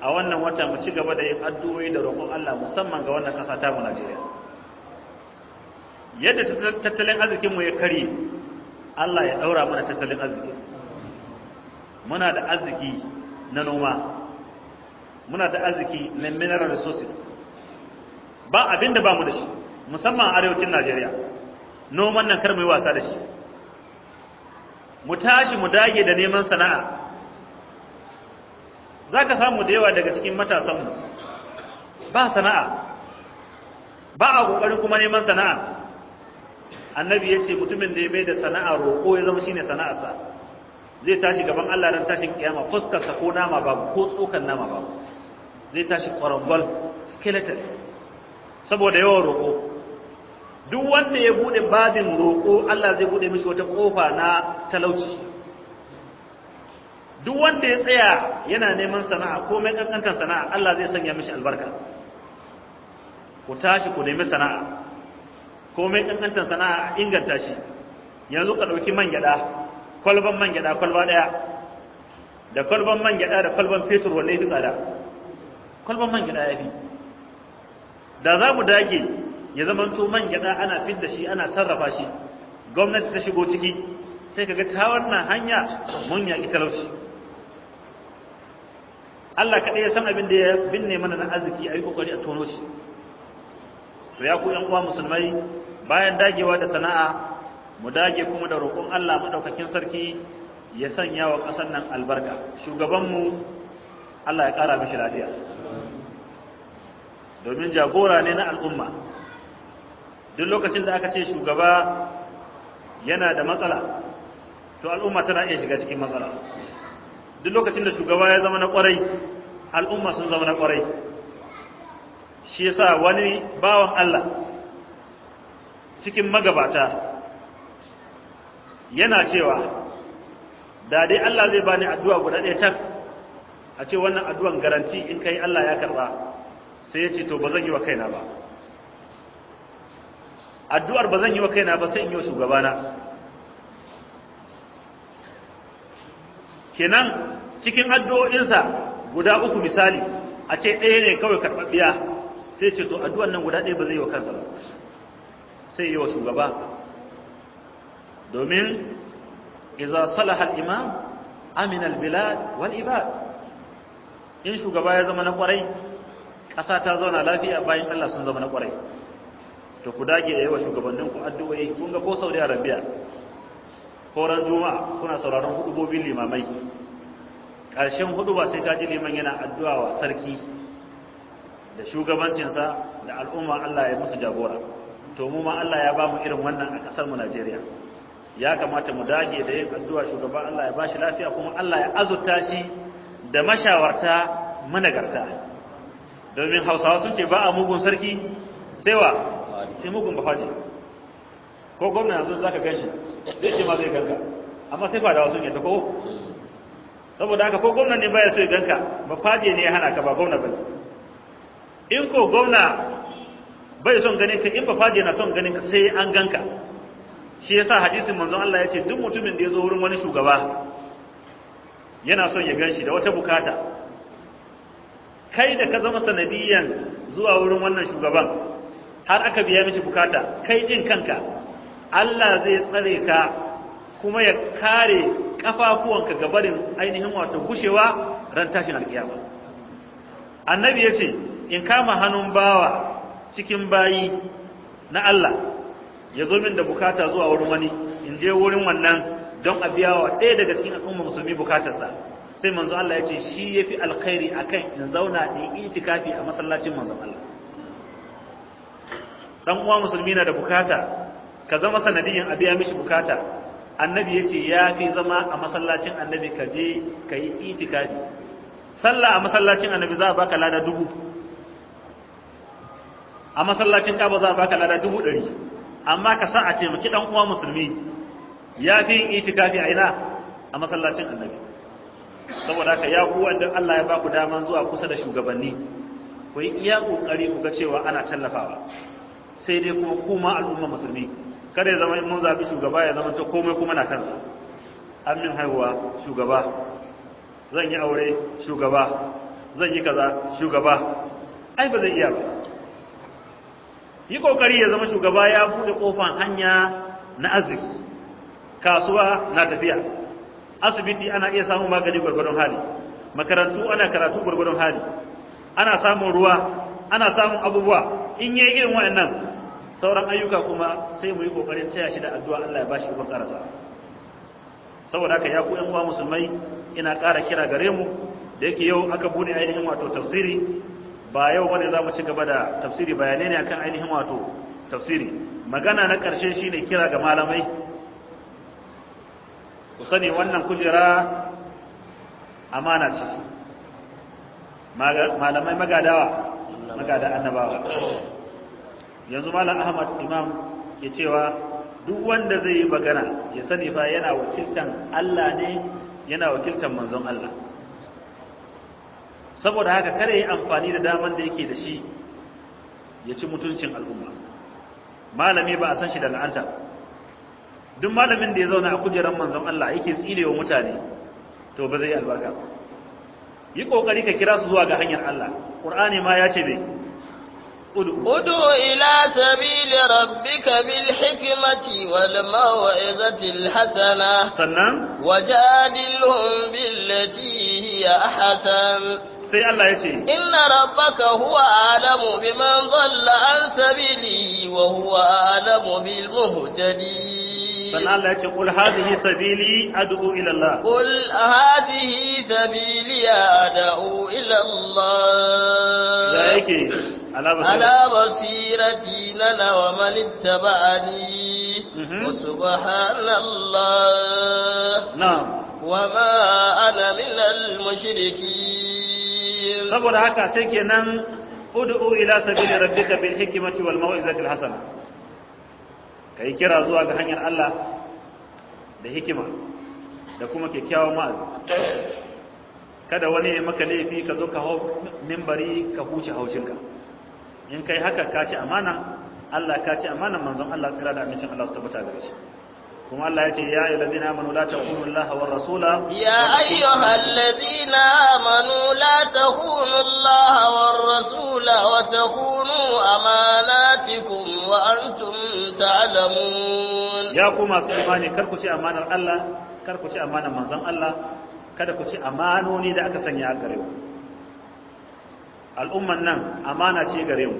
a wannan wata mu ci gaba da yin addu'o'i da roƙon Allah musamman ga wannan ƙasa ta mu Najeriya yadda tattalin arzikin mu ya kare Allah ya daura mana tattalin arziki muna da arziki na noma muna da arziki na mineral resources ba abin da ba mu da shi musamman a arewacin najeriya noman nan kar mu yi wasa da shi mu tashi mu dage da neman sana'a za ka samu da yawa daga cikin matasanmu ba sana'a ba a ƙoƙarin kuma neman sana'a annabi ya ce mutumin da ya bai da sana'a roƙo ya zama shine sana'arsa zai tashi gaban allah don tashin kiyama fuskarsa ko nama babu ko tsokan nama babu zai tashi kwarangwal skeleton saboda yawan roƙo duk wanda ya buɗe babin roƙo Allah zai buɗe mishi wata ƙofa na talauci duk wanda ya tsaya yana neman sana'a ko mai ƙanƙantar sana'a Allah zai sanya mishi albarka ku tashi ku nemi sana'a ko mai ƙanƙantar sana'a inganta shi yanzu ka ɗauki man gyada kwalban man gyada kwalba ɗaya, da kwalban man gyada da kwalban fetur wanne fi tsada kwalban man gyaɗa ya fi da za mu dage ya zama zamanto man gyaɗa ana da shi ana sarrafa shi gwamnati ta shigo ciki sai ka ga ta wannan hanya mun yaƙi talauci Allah kaɗai ya san abin da ya binne mana na arziki a yi ƙoƙari a tono shi to ya ku ƴan uwa musulmai bayan dagewa da sana'a mu dage kuma da roƙon Allah maɗaukakin sarki ya sanya wa ƙasar nan albarka shugabanmu Allah ya ƙara mishi lafiya domin jagora ne na al'umma duk lokacin da aka ce shugaba yana da matsala to al'umma tana iya shiga cikin matsala duk lokacin da shugaba ya zama na kwarai al'umma sun zama na kwarai shi yasa wani bawan Allah cikin magabata yana cewa da dai Allah zai bani addu'a guda ɗaya can a ce wannan addu'an garanti in kai Allah ya karɓa sai ya ce to ba zan yi wa kaina ba addu'ar ba zan yi wa kaina ba sai in yi wa shugabana kenan cikin addu'o'insa guda uku misali a ce ɗaya ne kawai karɓaɓɓiya sai ce to addu'an nan guda ɗaya ba zai yi wa kansa ba sai yi wa shugaba domin iza salaha imam aminal bilad wal ibad in shugaba ya zama na kwarai ƙasa ta zauna lafiya bayan Allah sun zama na ƙwarai to ku dage da yawa shugabannin ku addu'o'i kun ga ko Saudi Arabia ran juma'a kuna sauraron hudubobin limamai ƙarshen hudu ba sai ji liman yana addu'a wa sarki da shugabancinsa da al'umma Allah ya musu jagora to mu ma Allah ya ba mu irin wannan a ƙasar mu Najeriya ya kamata mu dage da yin addu'a shugaban Allah ya ba shi lafiya kuma Allah ya azurta shi da mashawarta managarta domin hausawa sun ce ba a mugun sarki sai wa sai mugun ba face ko gwamna yanzu za ka gan shi zai ce ma zai ganka amma sai fadawa sun yadda ko saboda haka ko gwamna ne baya so ya ganka ba faje ne ya hana ka ba gwamna ba in ko gwamna bai son ganin ka in ba faje na son ganin ka sai an ganka shi yasa hadisin manzon Allah ya ce duk mutumin da ya zo wurin wani shugaba yana son ya gan shi da wata bukata kai da ka zama sanadiyan zuwa wurin wannan shugaban har aka biya mishi bukata kai din kanka Allah zai tsare ka kuma ya kare kafafuwanka ga barin ainihin wato gushewa ran tashin alkiyama annabi yace in kama hannun bawa cikin bayi na Allah ya zo min da bukata zuwa wurin wani in je wurin wannan don a biya wa ɗaya daga cikin al'umma musulmi bukatarsa sai manzo Allah ya ce shi ya fi alkhairi a kan in zauna in itikafi a masallacin manzo Allah dan uwa musulmi na da bukata ka zama sanadiyin a biya mishi bukata annabi ya ce ya fi zama a masallacin annabi ka je ka yi itikafi sallah a masallacin annabi za a baka lada dubu a masallacin kaba za a baka lada dubu ɗari amma ka sa a ce maki dan uwa musulmi ya fi itikafi a ina a masallacin annabi saboda haka ya kuwa don Allah ya baku daman zuwa kusa da shugabanni ku yi iya kokari ku ga cewa ana tallafawa sai dai kuma kuma al'umma musulmi kada ya zama in mun zabi shugaba ya zama ta komai kuma na kansa Amin haihuwa shugaba zan yi aure shugaba zan yi kaza shugaba ai ba zai iya ba yi kokari ya zama shugaba ya bude kofan hanya na arziki kasuwa na tafiya asibiti ana iya samun magani gwargwadon hali makarantu ana karatu gwargwadon hali ana samun ruwa ana samun abubuwa in yi irin waɗannan sauran ayyuka kuma sai mu yi kokarin taya shi da addu'a Allah ya bashi ikon karasa saboda haka ya ku 'yan uwa musulmai ina ƙara kira gare mu da yake yau aka bude ainihin wato tafsiri ba yau bane za mu ci gaba da tafsiri bayanai ne akan ainihin wato tafsiri magana na ƙarshe shine kira ga malamai ku sani wannan kujera amana ce malamai magadawa magada annabawa yanzu malam ahmad imam ke cewa duk wanda zai yi magana ya sani fa yana wakiltan Allah ne yana wakiltan manzon Allah saboda haka kare yi amfani da daman da yake da shi ya ci mutuncin al'umma malami ba a san shi da la'anta duk malamin da ya zauna a kujerar manzon Allah yake tsinewa mutane to ba zai albarka yi kokari ka kira su zuwa ga hanyar Allah qur'ani ma ya ce bai udu ila sabili rabbika bil hikmati wal maw'izati al hasana sannan wajadilhum billati hiya ahsan sai Allah ya ce inna rabbaka huwa alamu biman dhalla an sabili wa huwa alamu bil muhtadin sannan Allah ya ce qul hadhihi sabili ad'u ila Allah qul hadhihi sabili ad'u ila Allah ya yake ala basirati lana wa man ittaba'ani mhm. wa subhanallah na'am wa ma ana min minal mushrikin saboda haka sai kenan ud'u ila sabili rabbika bil hikmati wal mau'izati al hasana ka yi kira zuwa ga hanyar Allah da hikima da kuma kyakkyawan ma'azi, kada wani ya maka laifi ka zo ka hau mimbari ka huce haushinka in kai haka ka ci amana Allah ka ci amanan manzon Allah tsira da amincin Allah su tabbata da shi kuma Allah ya ce ya ayyuhal ladina amanu la takunu Allah war rasula ya ayyo ladina amanu la takunu Allah war rasula wa takunu amanatikum wa antum ta'lamun ya ku masu imani kar ku ci amanar Allah kar ku ci amanar manzon Allah kada ku ci amanoni da aka sanya a gare ku al'umman nan amana ce gare mu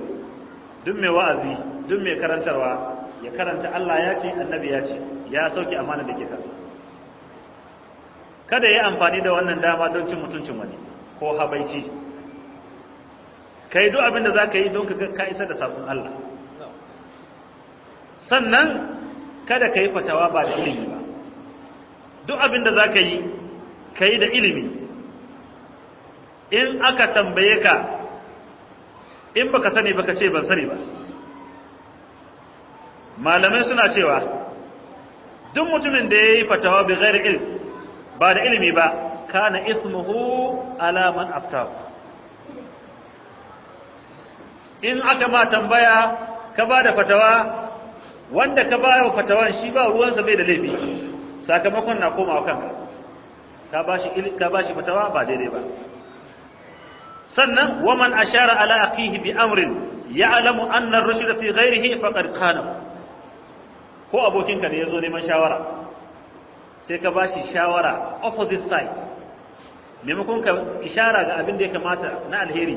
duk mai wa'azi duk mai karantarwa ya karanta Allah ya ce annabi ya ce ya sauke amana da ke kansa kada ya yi amfani da wannan dama don cin mutuncin wani ko habaici ka yi duk abinda za ka yi don ka isa da sabon Allah sannan kada ka yi fatawa ba da ilimi ba duk abinda za ka yi ka yi da ilimi in aka tambaye ka in baka sani baka ce ban sani ba malamai suna cewa duk mutumin da ya yi fatawa bi ghairi ilm ba da ilimi ba kana ismuhu ala man aftahu in aka ma tambaya ka ba da fatawa wanda ka ba wa fatawan shi ba ruwansa bai da laifi sakamakon na komawa kanka ka ba shi ka ba shi fatawa ba daidai ba sannan waman ashara ala aqihi bi amrin ya'lamu anna ar-rushda fi ghayrihi faqad khana ko abokinka ne ya zo neman shawara sai ka ba shi shawara opposite side maimakon ka ishara ga abin da ya kamata na alheri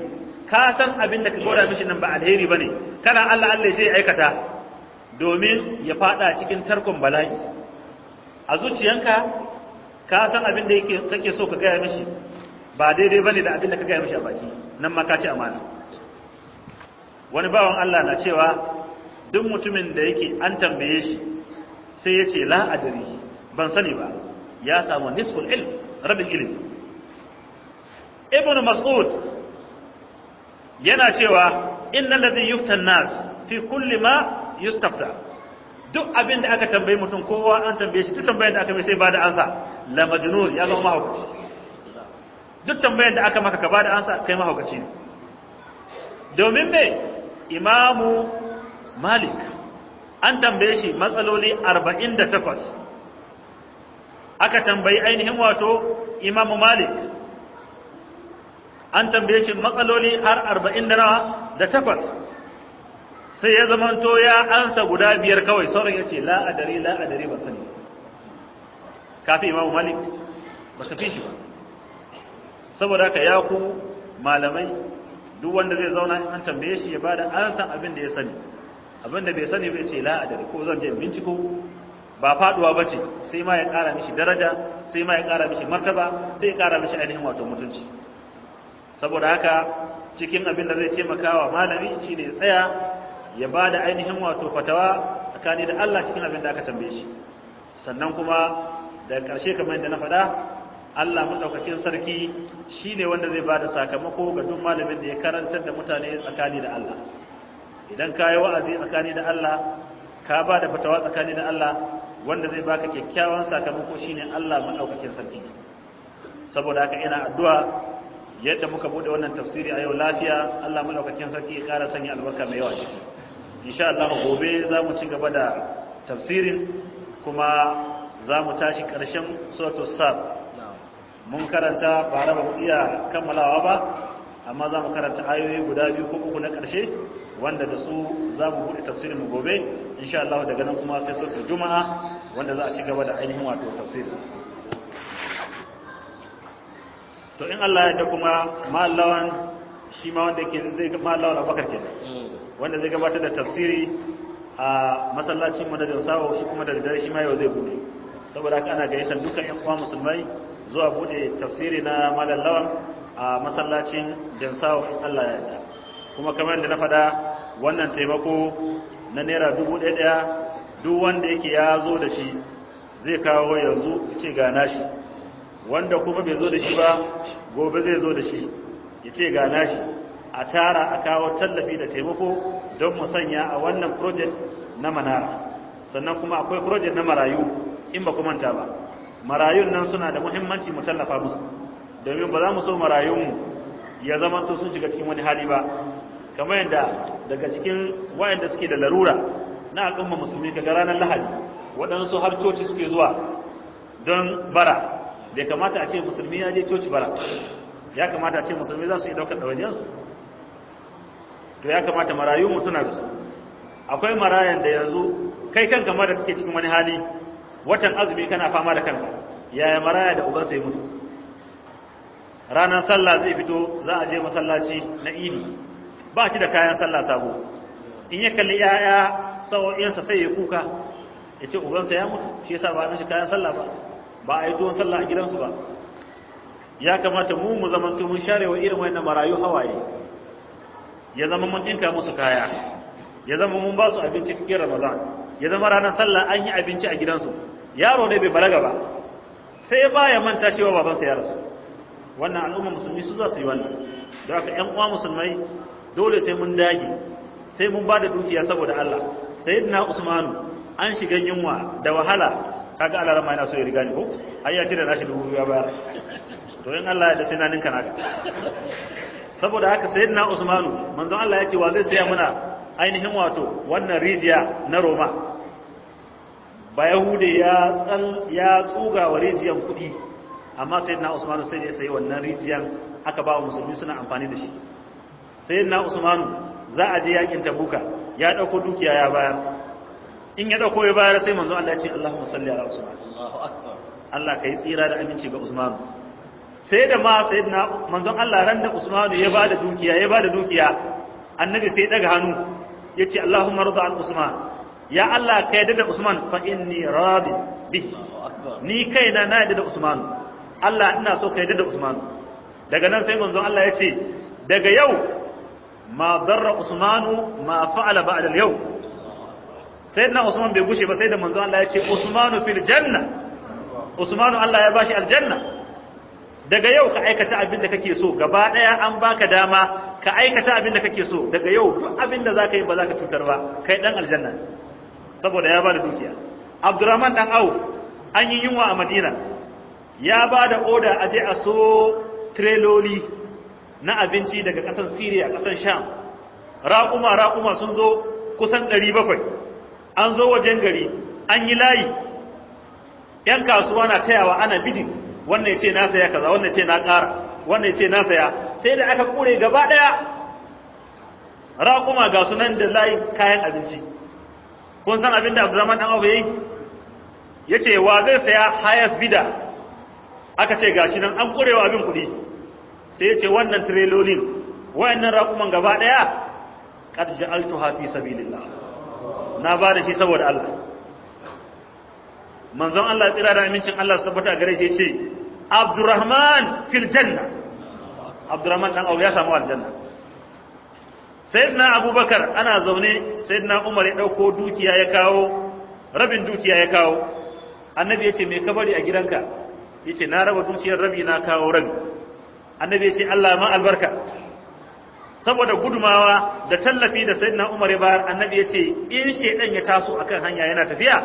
ka san abin da ka gwada mishi nan ba alheri ba ne kana allah allah ya aikata domin ya fada cikin tarkon bala'i a zuciyanka ka san abin da kake so ka gaya mishi ba daidai ba ne da abin da ka gaya mishi a baki nan ma ka ci amana wani bawan allah na cewa duk mutumin da yake an tambaye shi sai ya ce la adari ban sani ba ya samu nisful ilm rabin ilm ibn mas'ud yana cewa innal ladhi yuftan nas fi kulli ma yustafta duk abin da aka tambaye mutum kowa an tambaye shi duk tambayar da aka mai sai bada ansa la majnun ya zama mahaukaci duk tambayar da aka maka ka bada ansa kai mahaukaci ne domin me imamu malik an tambaye shi matsaloli 48 aka tambayi ainihin wato Imam malik an tambaye shi matsaloli har 48 sai ya zama to ya ansa guda biyar kawai sauran ya ce la adari ba sani kafi Imam malik ba ka shi ba saboda ka ya ku malamai duk wanda zai zauna an tambaye shi ya bada ansa abin da ya sani abinda bai sani bai ce la adari ko zan je binciko ba faduwa bace sai ma ya kara mishi daraja sai ma ya kara mishi martaba sai ya kara mishi ainihin wato mutunci saboda haka cikin abin da zai taimaka wa malami ya tsaya ya ba da ainihin wato fatawa tsakani da Allah cikin abin da aka tambaye shi sannan kuma da ƙarshe kamar yadda na faɗa Allah madaukakin sarki shi ne wanda zai ba da sakamako ga duk malamin da ya karantar da mutane tsakani da Allah idan ka yi wa'azi tsakani da Allah ka ba da fatawa tsakani da Allah wanda zai baka kyakkyawan sakamako shine Allah maɗaukakin sarki saboda haka ina addu'a yadda muka buɗe wannan tafsiri a yau lafiya Allah maɗaukakin sarki ya kara sanya albarka mai yawa ciki insha Allah gobe za mu ci gaba da tafsirin kuma za mu tashi ƙarshen suratul sab mun karanta ba raba iya kammalawa ba amma za mu karanta ayoyi guda biyu ko uku na ƙarshe wanda da su za mu buɗe tafsirin mu gobe insha Allah daga nan kuma sai sautar juma'a wanda za a ci gaba da ainihin wato tafsir to in Allah ya da kuma mallawan shi ma wanda ke zai mallawan Abubakar kenan wanda zai gabatar da tafsiri a masallacin madadin sawa shi kuma da dare shi ma yau zai bude saboda haka ana gayyatar dukkan ƴan uwa musulmai zuwa bude tafsiri na mallawan a masallacin Jansawa Allah ya yarda kuma kamar da na faɗa wannan taimako na naira dubu ɗaya duk wanda yake ya zo da shi zai kawo yanzu ce ga nashi wanda kuma bai zo da shi ba gobe zai zo da shi ya ce ga nashi a tara a kawo tallafi da taimako don mu sanya a wannan project na manara sannan kuma akwai project na marayu in ba kuma ta ba marayun nan suna da muhimmanci mu tallafa musu domin ba za mu so marayunmu ya zama to sun shiga cikin wani hali ba kamar yadda daga cikin wayanda suke da larura na al'umma musulmi kaga ranar lahadi waɗansu har coci suke zuwa don bara bai kamata a ce musulmi ya je coci bara ya kamata a ce musulmi za su yi ɗaukar ɗawaniyarsu to ya kamata marayu mu suna da su akwai marayan da yanzu kai kan kamar da kake cikin wani hali watan azumi kana fama da kanka yaya maraya da ubansa ya mutu ranar sallah zai fito za a je masallaci na ili ba shi da kayan sallah sabo in ya kalli yaya sa'o'insa sai ya kuka ya ce ubansa ya mutu shi yasa ba shi kayan sallah ba ba a yi tuwon sallah a gidansu ba ya kamata mu mu zamanto mun share wa irin wannan marayu hawaye ya zama mun dinka musu kaya ya zama mun ba su abinci cikin ramadan ya zama ranar sallah an yi abinci a gidansu yaro ne bai balaga ba sai ya baya manta cewa babansa ya rasu wannan al'umma musulmi su za su yi wannan da haka ƴan uwa musulmai dole sai mun dage sai mun ba da dukiya saboda Allah sayyidina usmanu an shiga yunwa da wahala kaga Allah rama yana so ya riga ni ko ai ya da nashi dubu ya ba to in Allah ya da sai na ninka naka saboda haka sayyidina usmanu manzon Allah yake wa zai saya muna ainihin wato wannan rijiya na Roma ba yahude ya tsan ya tsuga wa rijiyan kudi amma sayyidina usmanu sai ya sayi wannan rijiyan aka ba wa musulmi suna amfani da shi na usmanu za a je yakin tabuka ya dauko dukiya ya baya in ya dauko ya bayar sai manzo Allah ya ce Allahumma salli ala usman Allahu akbar Allah kai tsira da aminci ga usmanu sai da ma sayyidina manzo Allah ran da usmanu ya ba da dukiya ya ba da dukiya annabi sai daga hannu yace Allahumma rida an usman ya Allah ka yarda da usman fa inni radi bi ni kaina na na da usman Allah ina so ka yarda da usman daga nan sai manzon Allah ya ce daga yau ما ضر usmanu ma fa'ala بعد اليوم yau عثمان usman bai gushe ba sai da manzo Allah ya ce usmanu fil janna usmanu Allah ya bashi aljanna daga yau ka aikata abin da kake so gaba daya an baka dama ka aikata abin da kake so daga yau duk abin da zaka yi ba zaka cutar ba kai dan aljanna saboda ya bada dukiya Abdurrahman dan au an yi yunwa a Madina ya bada oda aje a so treloli na abinci daga ƙasar Siriya kasar Sham raƙuma raƙuma sun zo kusan 700 an zo wajen gari an yi layi yan kasuwa na tayawa ana bidin wannan ce na saya kaza wannan ce na ƙara wannan ce na saya sai da aka kure gaba ɗaya raƙuma ga sunan da layin kayan abinci kun san abin da Abdurrahman dan Abu yayi yace wa zai saya highest bidder aka ce gashi nan an kurewa abin kuɗi sai ya ce wannan tirelolin wayannan raƙuman gaba ɗaya qad ja'altuha hafi sabilillah na ba da shi saboda Allah manzon Allah tsira da amincin Allah su tabbata gare shi ya ce Abdurrahman fil janna Abdurrahman dan ya samu aljanna sayyidina Abubakar ana zaune sayyidina Umar ya ɗauko dukiya ya kawo rabin dukiya ya kawo annabi ya ce me bari a gidanka ya ce na raba dukiyar rabi na kawo rabi annabi ya ce Allah ma albarka saboda gudumawa da tallafi da sayyidina Umar ya bayar annabi ya ce in shedan ya taso akan hanya yana tafiya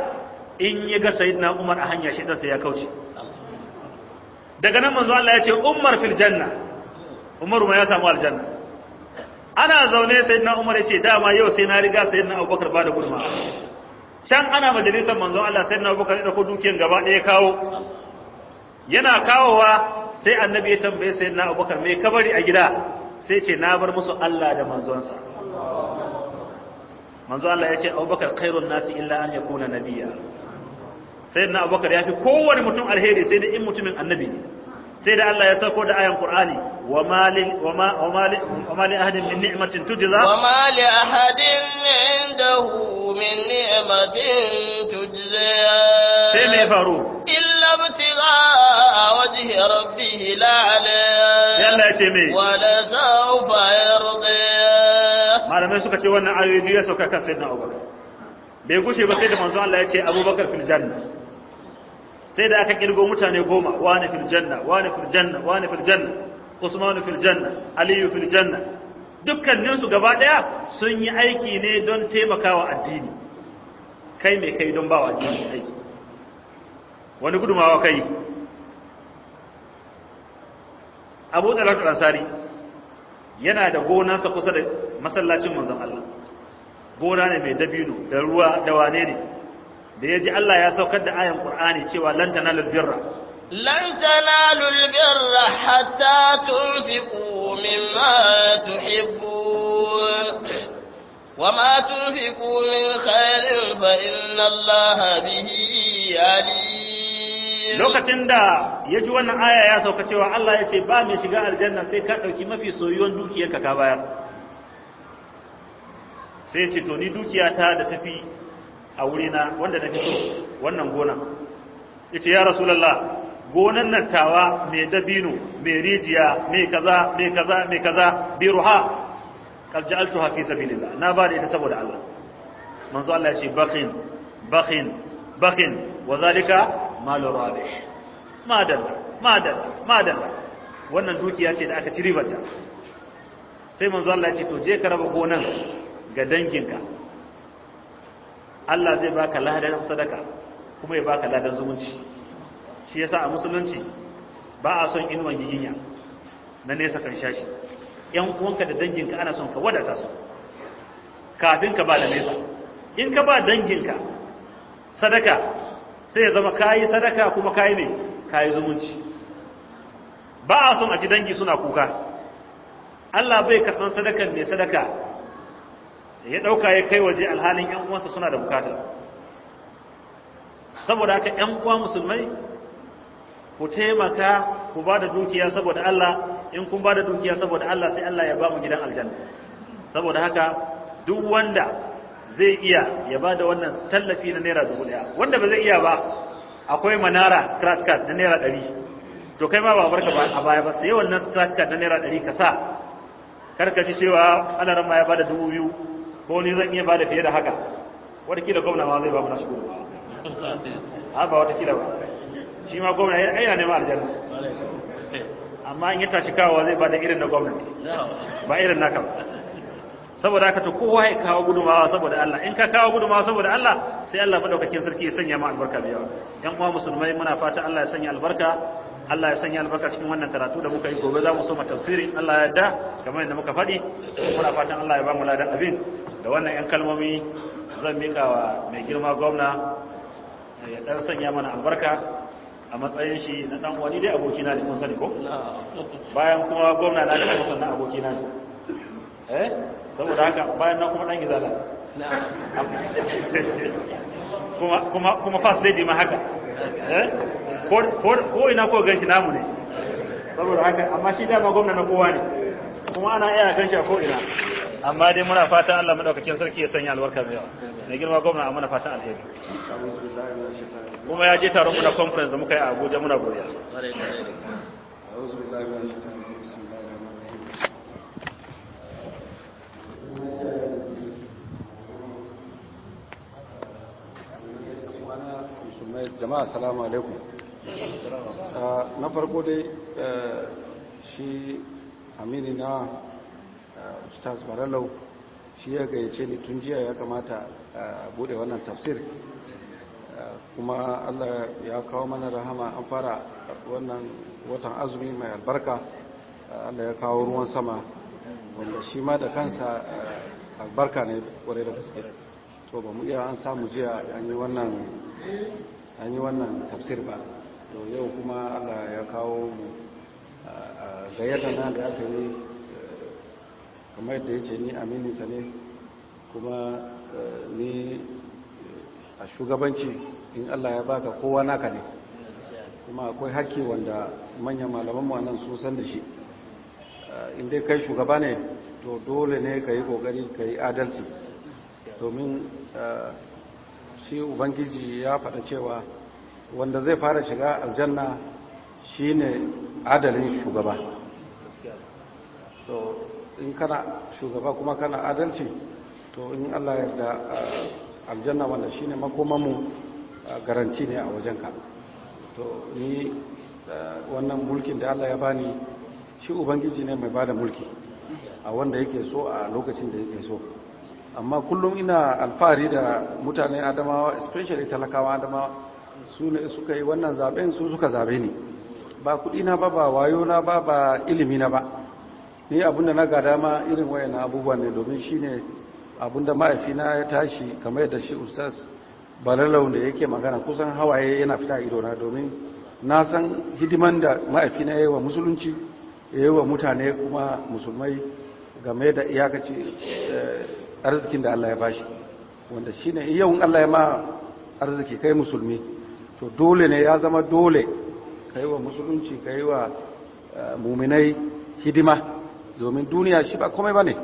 in ya ga sayyidina Umar a hanya shedan sai ya kauce daga nan manzo Allah ya ce Umar fil janna Umar ma ya samu aljanna ana zaune sayyidina Umar ya ce dama yau sai na riga sayyidina Abubakar ba da gudumawa can ana majalisar manzon Allah sayyidina Abubakar ya dauko dukiyar gaba ɗaya kawo yana kawowa sai annabi ya tambaye na abubakar me kabari a gida sai ce na bar musu Allah da manzonsa manzo Allah ya ce abubakar khairun nasi illa an yakuna nabiyya na abubakar ya fi kowane mutum alheri sai dai in mutumin annabi ne sai da Allah ya sauko da ayan Qur'ani wa mali wa ma li ahadin min ni'matin tujza wa mali li ahadin indahu min ni'matin tujza sai me faru illa ibtigha wajhi rabbih la ala yalla ce me wa la sawfa yardi malamai suka ce wannan ayoyi ya sauka kan sayyidina Abubakar bai gushe ba sai da manzo Allah ya ce Abubakar fil janna sai da aka kirgo mutane goma wani fil janna wani fil wani fil janna usman fil janna ali fil gaba daya sun yi aiki ne don taimakawa addini kai mai kai don bawa addini aiki wani gudumawa kai Abu Talha Ansari yana da gonarsa kusa da masallacin manzon Allah gona ne mai dabino da ruwa da wane ne da ya ji Allah ya saukar da ayan Qur'ani cewa lan tanalul birra lan tanalul birra hatta tunfiqu mimma tuhibbun wama tunfiqu min khairin fa inna Allah bihi alim lokacin da ya ji wannan aya ya sauka cewa Allah ya ce ba mai shiga aljanna sai ka dauki mafi soyuwan dukiyarka ka bayar sai ce to ni dukiyata da tafi a wurina wanda na fi so wannan gona yace ya rasulullah gonan nan tawa mai dabino mai rijiya mai kaza mai kaza mai kaza bi ruha qad ja'altuha fi sabilillah na ba da ita saboda Allah manzo Allah yace bakhin bakhin bakhin wa zalika malu rabih madalla madalla madalla wannan dukiya ce da aka ci ribarta sai manzo Allah ya ce to je ka raba gonan ga danginka Allah zai baka ladan sadaka kuma ya baka ladan zumunci shi yasa a musulunci ba a son inuwan giginya na nesa kan shashi yan uwanka da danginka ana son ka wadata su kafin ka ba da nesa in ka ba danginka sadaka sai ya zama kayi sadaka kuma kayi mai kayi zumunci ba a son a ji dangi suna kuka Allah bai karɓar sadakan mai sadaka ya ɗauka ya kai waje alhalin ‘yan uwansa suna da bukata saboda haka ‘yan uwa musulmai ku taimaka ku ba da dukiya saboda Allah in kun ba da dukiya saboda Allah sai Allah ya ba mu gidan aljanna saboda haka duk wanda zai iya ya ba da wannan tallafi na naira dubu ɗaya wanda ba zai iya ba akwai manara scratch card na naira ɗari to kai ma ba barka a baya ba sai wannan scratch card na naira ɗari ka sa kar ka ji cewa ana ran ma ya ba da dubu biyu ko ni zan iya bada fiye da haka da gwamna ma zai ba mu nashi gudunma ha ba kila ba shi ma gwamna ya aina ma aljanna amma in ya tashi kawowa zai bada irin na gwamna ba irin naka ba saboda haka to kowa ya kawo gudumawa saboda Allah in ka kawo gudumawa saboda Allah sai Allah madaukakin sarki ya sanya ma albarka da yawa yan uwa musulmai muna fata Allah ya sanya albarka Allah ya sanya albarka cikin wannan karatu da muka yi gobe za mu soma tafsirin Allah ya yarda kamar yadda muka faɗi muna fatan Allah ya ba mu ladan abin da wannan 'yan kalmomi zan mika wa mai girma gwamna eh, ya dan sanya mana albarka a matsayin shi na dan wani dai abokina ne kun sani ko bayan kuma gwamna na da sannan abokina ne eh saboda haka bayan na kuma dan gizala kuma kuma kuma fast lady ma haka eh ko ina ko ganshi namu ne saboda haka amma shi dama gwamna na kowa ne kuma ana iya ganshi a ko ina amma dai muna fatan Allah madaukakin sarki ya sanya albarka mai yawa ne girma gwamna muna fatan alheri kuma ya je taron mu na conference muka yi a Abuja muna godiya jama'a salamu alaikum ah, na farko dai eh, shi amini na ustaz baralau shi ya gayyace ni tun jiya ya kamata a bude wannan tafsir kuma allah ya kawo mana rahama an fara wannan watan azumi mai albarka allah ya kawo ruwan sama wanda shi ma da kansa albarka ne kwarai da gaske to ba mu iya an samu jiya an yi wannan tafsir ba to yau kuma allah ya kawo mu a gayyata na da aka yi kamar yadda ya ce ni amininsa ne kuma eh, ni eh, a shugabanci in allah ya baka kowa naka ne kuma akwai haƙƙi wanda manyan malamanmu a nan su san da shi eh, in dai kai shugaba ne to dole ne ka yi ƙoƙari ka yi adalci domin shi ubangiji ya faɗa cewa wanda zai fara shiga aljanna shine adalin shugaba in kana shugaba kuma kana adalci to in Allah ya yarda ah, aljanna wannan shine makomanmu ah, garanti ne a wajenka to ni ah, wannan mulkin da Allah ya bani shi ubangiji ne mai bada mulki a wanda yake so a lokacin da yake so amma kullum ina alfahari da mutane adamawa especially talakawa adamawa su ne suka yi wannan zaben su suka zabe ni ba kudi na ba ba wayo na ba ba ilimi na ba ni abinda na gada ma irin wayan abubuwa ne domin shi ne abinda mahaifina ya tashi kamar yadda shi ustaz balalau da yake magana kusan hawaye yana fita idona domin na san hidiman da mahaifina ya yi wa musulunci ya yi wa mutane kuma musulmai game da iyakaci eh, arzikin da Allah ya bashi wanda shi ne yawon Allah ya ma arziki kai musulmi to dole ne ya zama dole ka wa musulunci ka wa eh, muminai hidima domin duniya shi ba komai ba ne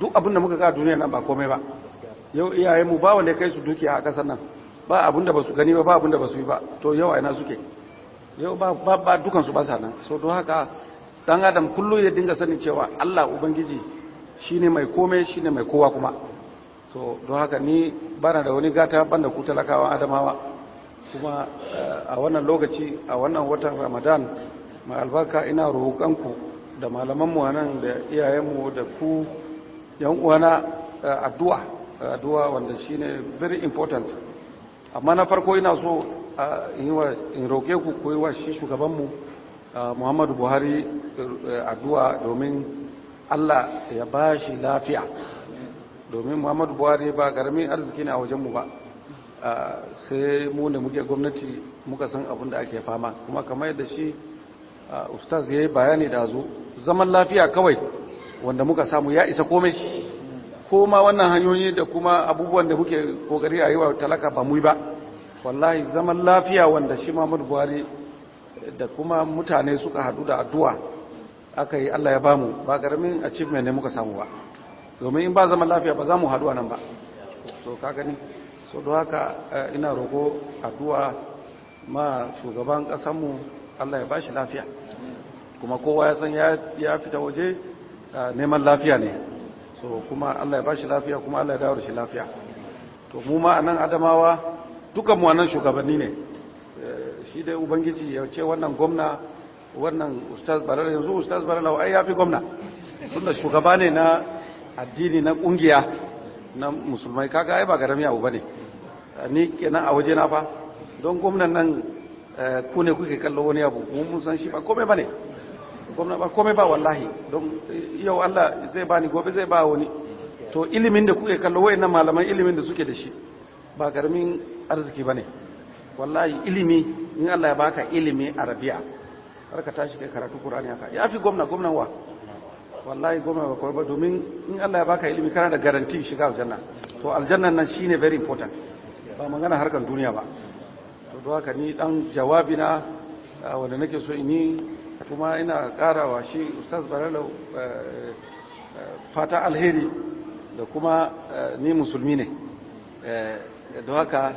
duk abinda muka ga duniya nan ba komai ba yau mu ba wanda ya kai su dukiya a kasar nan ba abinda ba su gani ba ba abinda ba su yi ba to yau aina suke yau ba dukansu ba sa nan so don haka dan adam kullum ya dinga sanin cewa allah ubangiji shi ne mai komai shi ne mai kowa kuma to don haka ni bana da wani gata banda ku talakawa adamawa kuma eh, a wannan lokaci a wannan watan ramadan mai albarka ina roƙonku da malamanmu a nan da iyayenmu da ku yan uwana eh, addu'a addu'a wanda shine very important amma na farko ina so eh, in roke ku koyi wa shi shugabanmu eh, muhammadu buhari addu'a domin allah ya ba shi lafiya domin muhammadu buhari ba ƙaramin arziki ne a wajenmu ba sai mu ne muke gwamnati muka san abin da ake fama kuma kamar yadda shi Uh, ustaz ya yi bayani da zo zaman lafiya kawai wanda muka samu ya isa komai ko ma wannan hanyoyi da kuma abubuwan da muke kogari a yi wa talaka ba mu yi ba wallahi zaman lafiya wanda shi Muhammadu Buhari da kuma mutane suka hadu da addu'a aka yi Allah ya bamu ba karamin achievement ne muka samu ba domin in ba zaman lafiya ba za mu hadu a nan ba so ka gani so don haka uh, ina roko addu'a ma shugaban kasanmu. Allah ya bashi lafiya kuma kowa ya san ya fita waje neman lafiya ne so kuma Allah ya bashi lafiya kuma Allah ya dawo shi lafiya to mu ma anan adamawa dukan mu anan shugabanni ne eh, shi dai ubangiji ya ce wannan gwamna wannan ustaz barar yanzu ustaz barala ai ya fi gwamna tunda shugaba ne na addini na kungiya na musulmai kaga ai ba garamiya abu ne ni kenan a waje na fa don gwamnan nan Eh, ku ne kuke kallo wani abu mun san shi ba komai ba ne gwamna ba komai ba wallahi don eh, yau Allah zai bani gobe zai ba wani to ilimin da kuke kallo wayannan malaman ilimin da suke da shi ba garmin arziki bane wallahi ilimi in Allah ya baka ilimi arabiya ka tashi kai karatu Qur'ani haka ya fi gwamna gwamna wa wallahi gwamna ba kawai ba domin in Allah ya baka ilimi kana da garanti shiga aljanna to aljanna nan shine very important ba magana harkan duniya ba don haka ni dan jawabina wanda nake so ni kuma ina karawa shi ustaz baralo eh, eh, fata alheri da kuma eh, ni musulmi ne don haka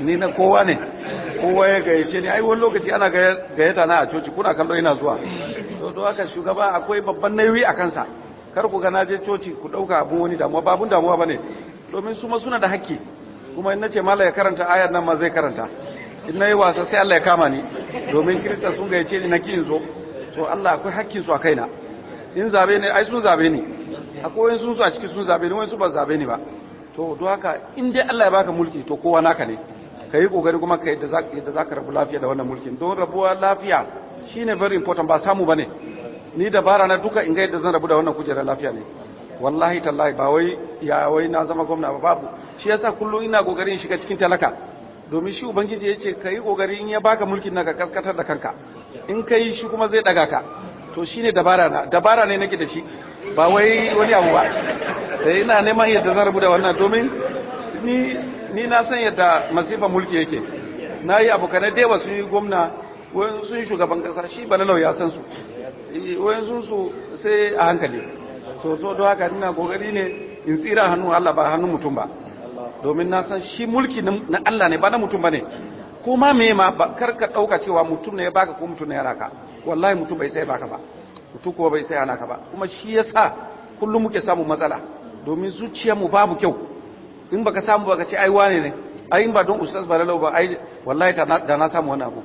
ni na kowa ne kowa ya gayyace ni ai wani lokaci ana gayyata na a coci kuna kallo ina zuwa don haka shugaba akwai babban nauyi a kansa kar ku ga na je coci ku ɗauka abun wani damuwa babun damuwa ba ne domin su ma suna da hakki kuma in nace mala ya karanta ayar nan ma zai karanta in nayi wasa sai Allah ya kama ni domin kirista sun ga yace ni na kin zo to Allah akwai hakkin su a kaina in zabe ne ai sun zabe ni akwai sun su a ciki sun zabe ni wai su ba zabe ni ba to don haka in dai Allah ya baka mulki to kowa naka ne ka yi kokari kuma ka yadda za ka rabu lafiya da wannan mulkin don rabuwa lafiya shine very important ba samu ba ne ni dabara na duka in ga yadda zan rabu da wannan kujerar lafiya ne wallahi tallahi ba wai ya wai na zama gwamna ba babu shi yasa kullum ina kokarin shiga cikin talaka domin shi ubangiji yace kai kokarin ya baka mulkin naka kaskatar da kanka in kai shi kuma zai daga ka to shine dabara na dabara ne nake da shi ba wai wani abu ba eh, ina neman yadda zan rubuta wannan domin ni ni na san yadda masifa mulki yake na yi abokanai da yawa sun yi gwamna wayan sun shugaban kasa shi balalau ya san su eh, wayan sun su sai a hankali so so don haka ina kokari ne in tsira hannun Allah ba hannun mutum ba domin na san shi mulki na Allah ne ba na mutum ba ne kuma me ma kar ka dauka cewa mutum ne ya baka ko mutum ne ya raka wallahi mutum bai sai baka ba mutum kuma bai sai naka ba kuma shi yasa kullum muke samu matsala domin zuciyar mu babu kyau in baka samu baka ce ai wane ne ai in ba don ustaz balalau ba ai wallahi da na samu wani abu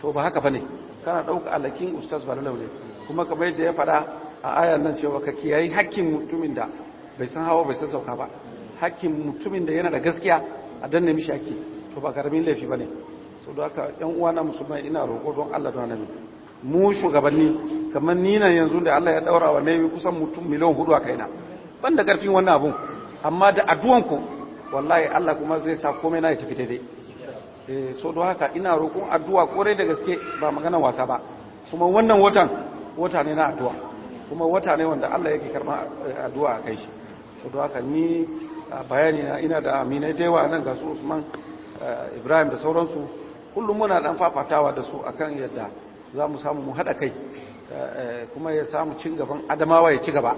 to ba haka bane kana dauka alakin ustaz balalau ne kuma kamar yadda ya faɗa a ayar nan cewa ka kiyaye hakkin mutumin da bai san hawa bai san sauka ba hakkin mutumin da yana da gaskiya a danne mishi hakki to ba karamin laifi bane so don haka yan uwa na musulman ina roƙo don Allah don annabi mu shugabanni kamar ni nan yanzu da Allah ya daura wa nemi kusan mutum miliyan hudu a kaina ban da karfin wannan abun amma da addu'an ku wallahi Allah kuma zai sa komai na ya tafi daidai eh so don haka ina roƙon addu'a kore da gaske ba magana wasa ba kuma wannan watan wata ne na addu'a kuma wata ne wanda Allah yake karɓar addu'a a kai shi to don haka ni bayani na ina da amina da yawa nan ga su Usman Ibrahim da sauransu kullum muna dan fafatawa da su akan yadda za mu samu mu haɗa kai kuma ya samu cin gaban adamawa ya ci gaba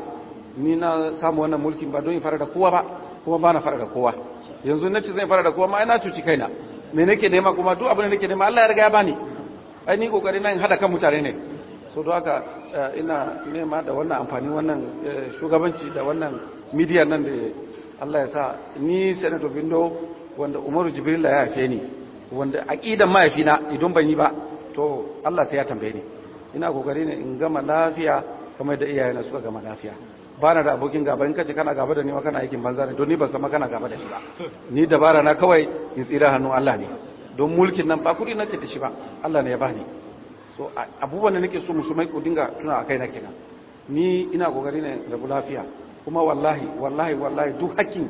ni na samu wannan mulkin ba don in fara da kowa ba kuma ba na fara da kowa yanzu na ce zai fara da kowa ma ina cuci kaina me nake nema kuma duk abin da nake nema Allah ya riga ya bani ai ni kokari na in haɗa kan mutane ne so don haka eh, ina nema da wannan amfani wannan eh, shugabanci da wannan midiya nan da Allah ya sa ni senator bindo wanda umaru jibrila ya haife ni wanda aqidan mahaifina idan ban yi ba to Allah sai ya tambaye ni ina kokari ne in gama lafiya kamar da iyayena suka gama lafiya ba da abokin gaba in kace kana gaba da ni ma kana aikin banza ne don ni ban san kana gaba da ni ba ni dabara na kawai in tsira hannu Allah ne don mulkin nan ba kudi nake da shi ba Allah ne ya bani so abubuwan da nake so musulmai ku dinga tuna akai na kenan ni ina kokari ne da lafiya kuma wallahi wallahi wallahi duk hakkin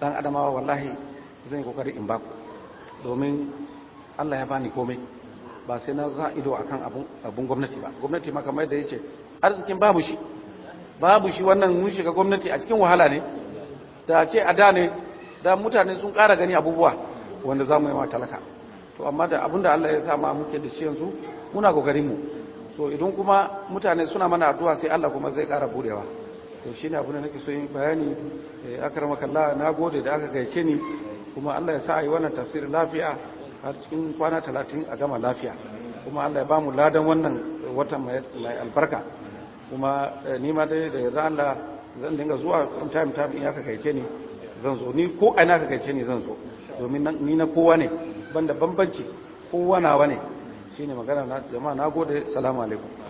dan adamawa wallahi zan yi kokari in baku domin Allah ya bani komai ba sai na za ido akan abun abun gwamnati ba gwamnati ma kamar da yace arzikin babu shi babu shi wannan mun shiga gwamnati a cikin wahala ne da ce a da ne da mutane sun kara gani abubuwa wanda za mu yi ma talaka to amma da abinda Allah ya sa ma muke da shi yanzu muna kokarin mu so idan kuma mutane suna mana addu'a sai Allah kuma zai ƙara budewa to shine abin da nake so yin bayani eh, akramakallah na gode da aka gaice ni kuma Allah ya sa a yi wannan tafsirin lafiya har cikin kwana talatin a gama lafiya kuma Allah ya ba mu ladan wannan watan mai albarka kuma eh, ni ma dai da yanzu Allah zan dinga zuwa from time time in aka gaice ni zan zo ni ko aina aka gaice ni zan zo domin ni na kowa ne banda bambanci kowa nawa ne shine magana na jama'a nagode salamu alaikum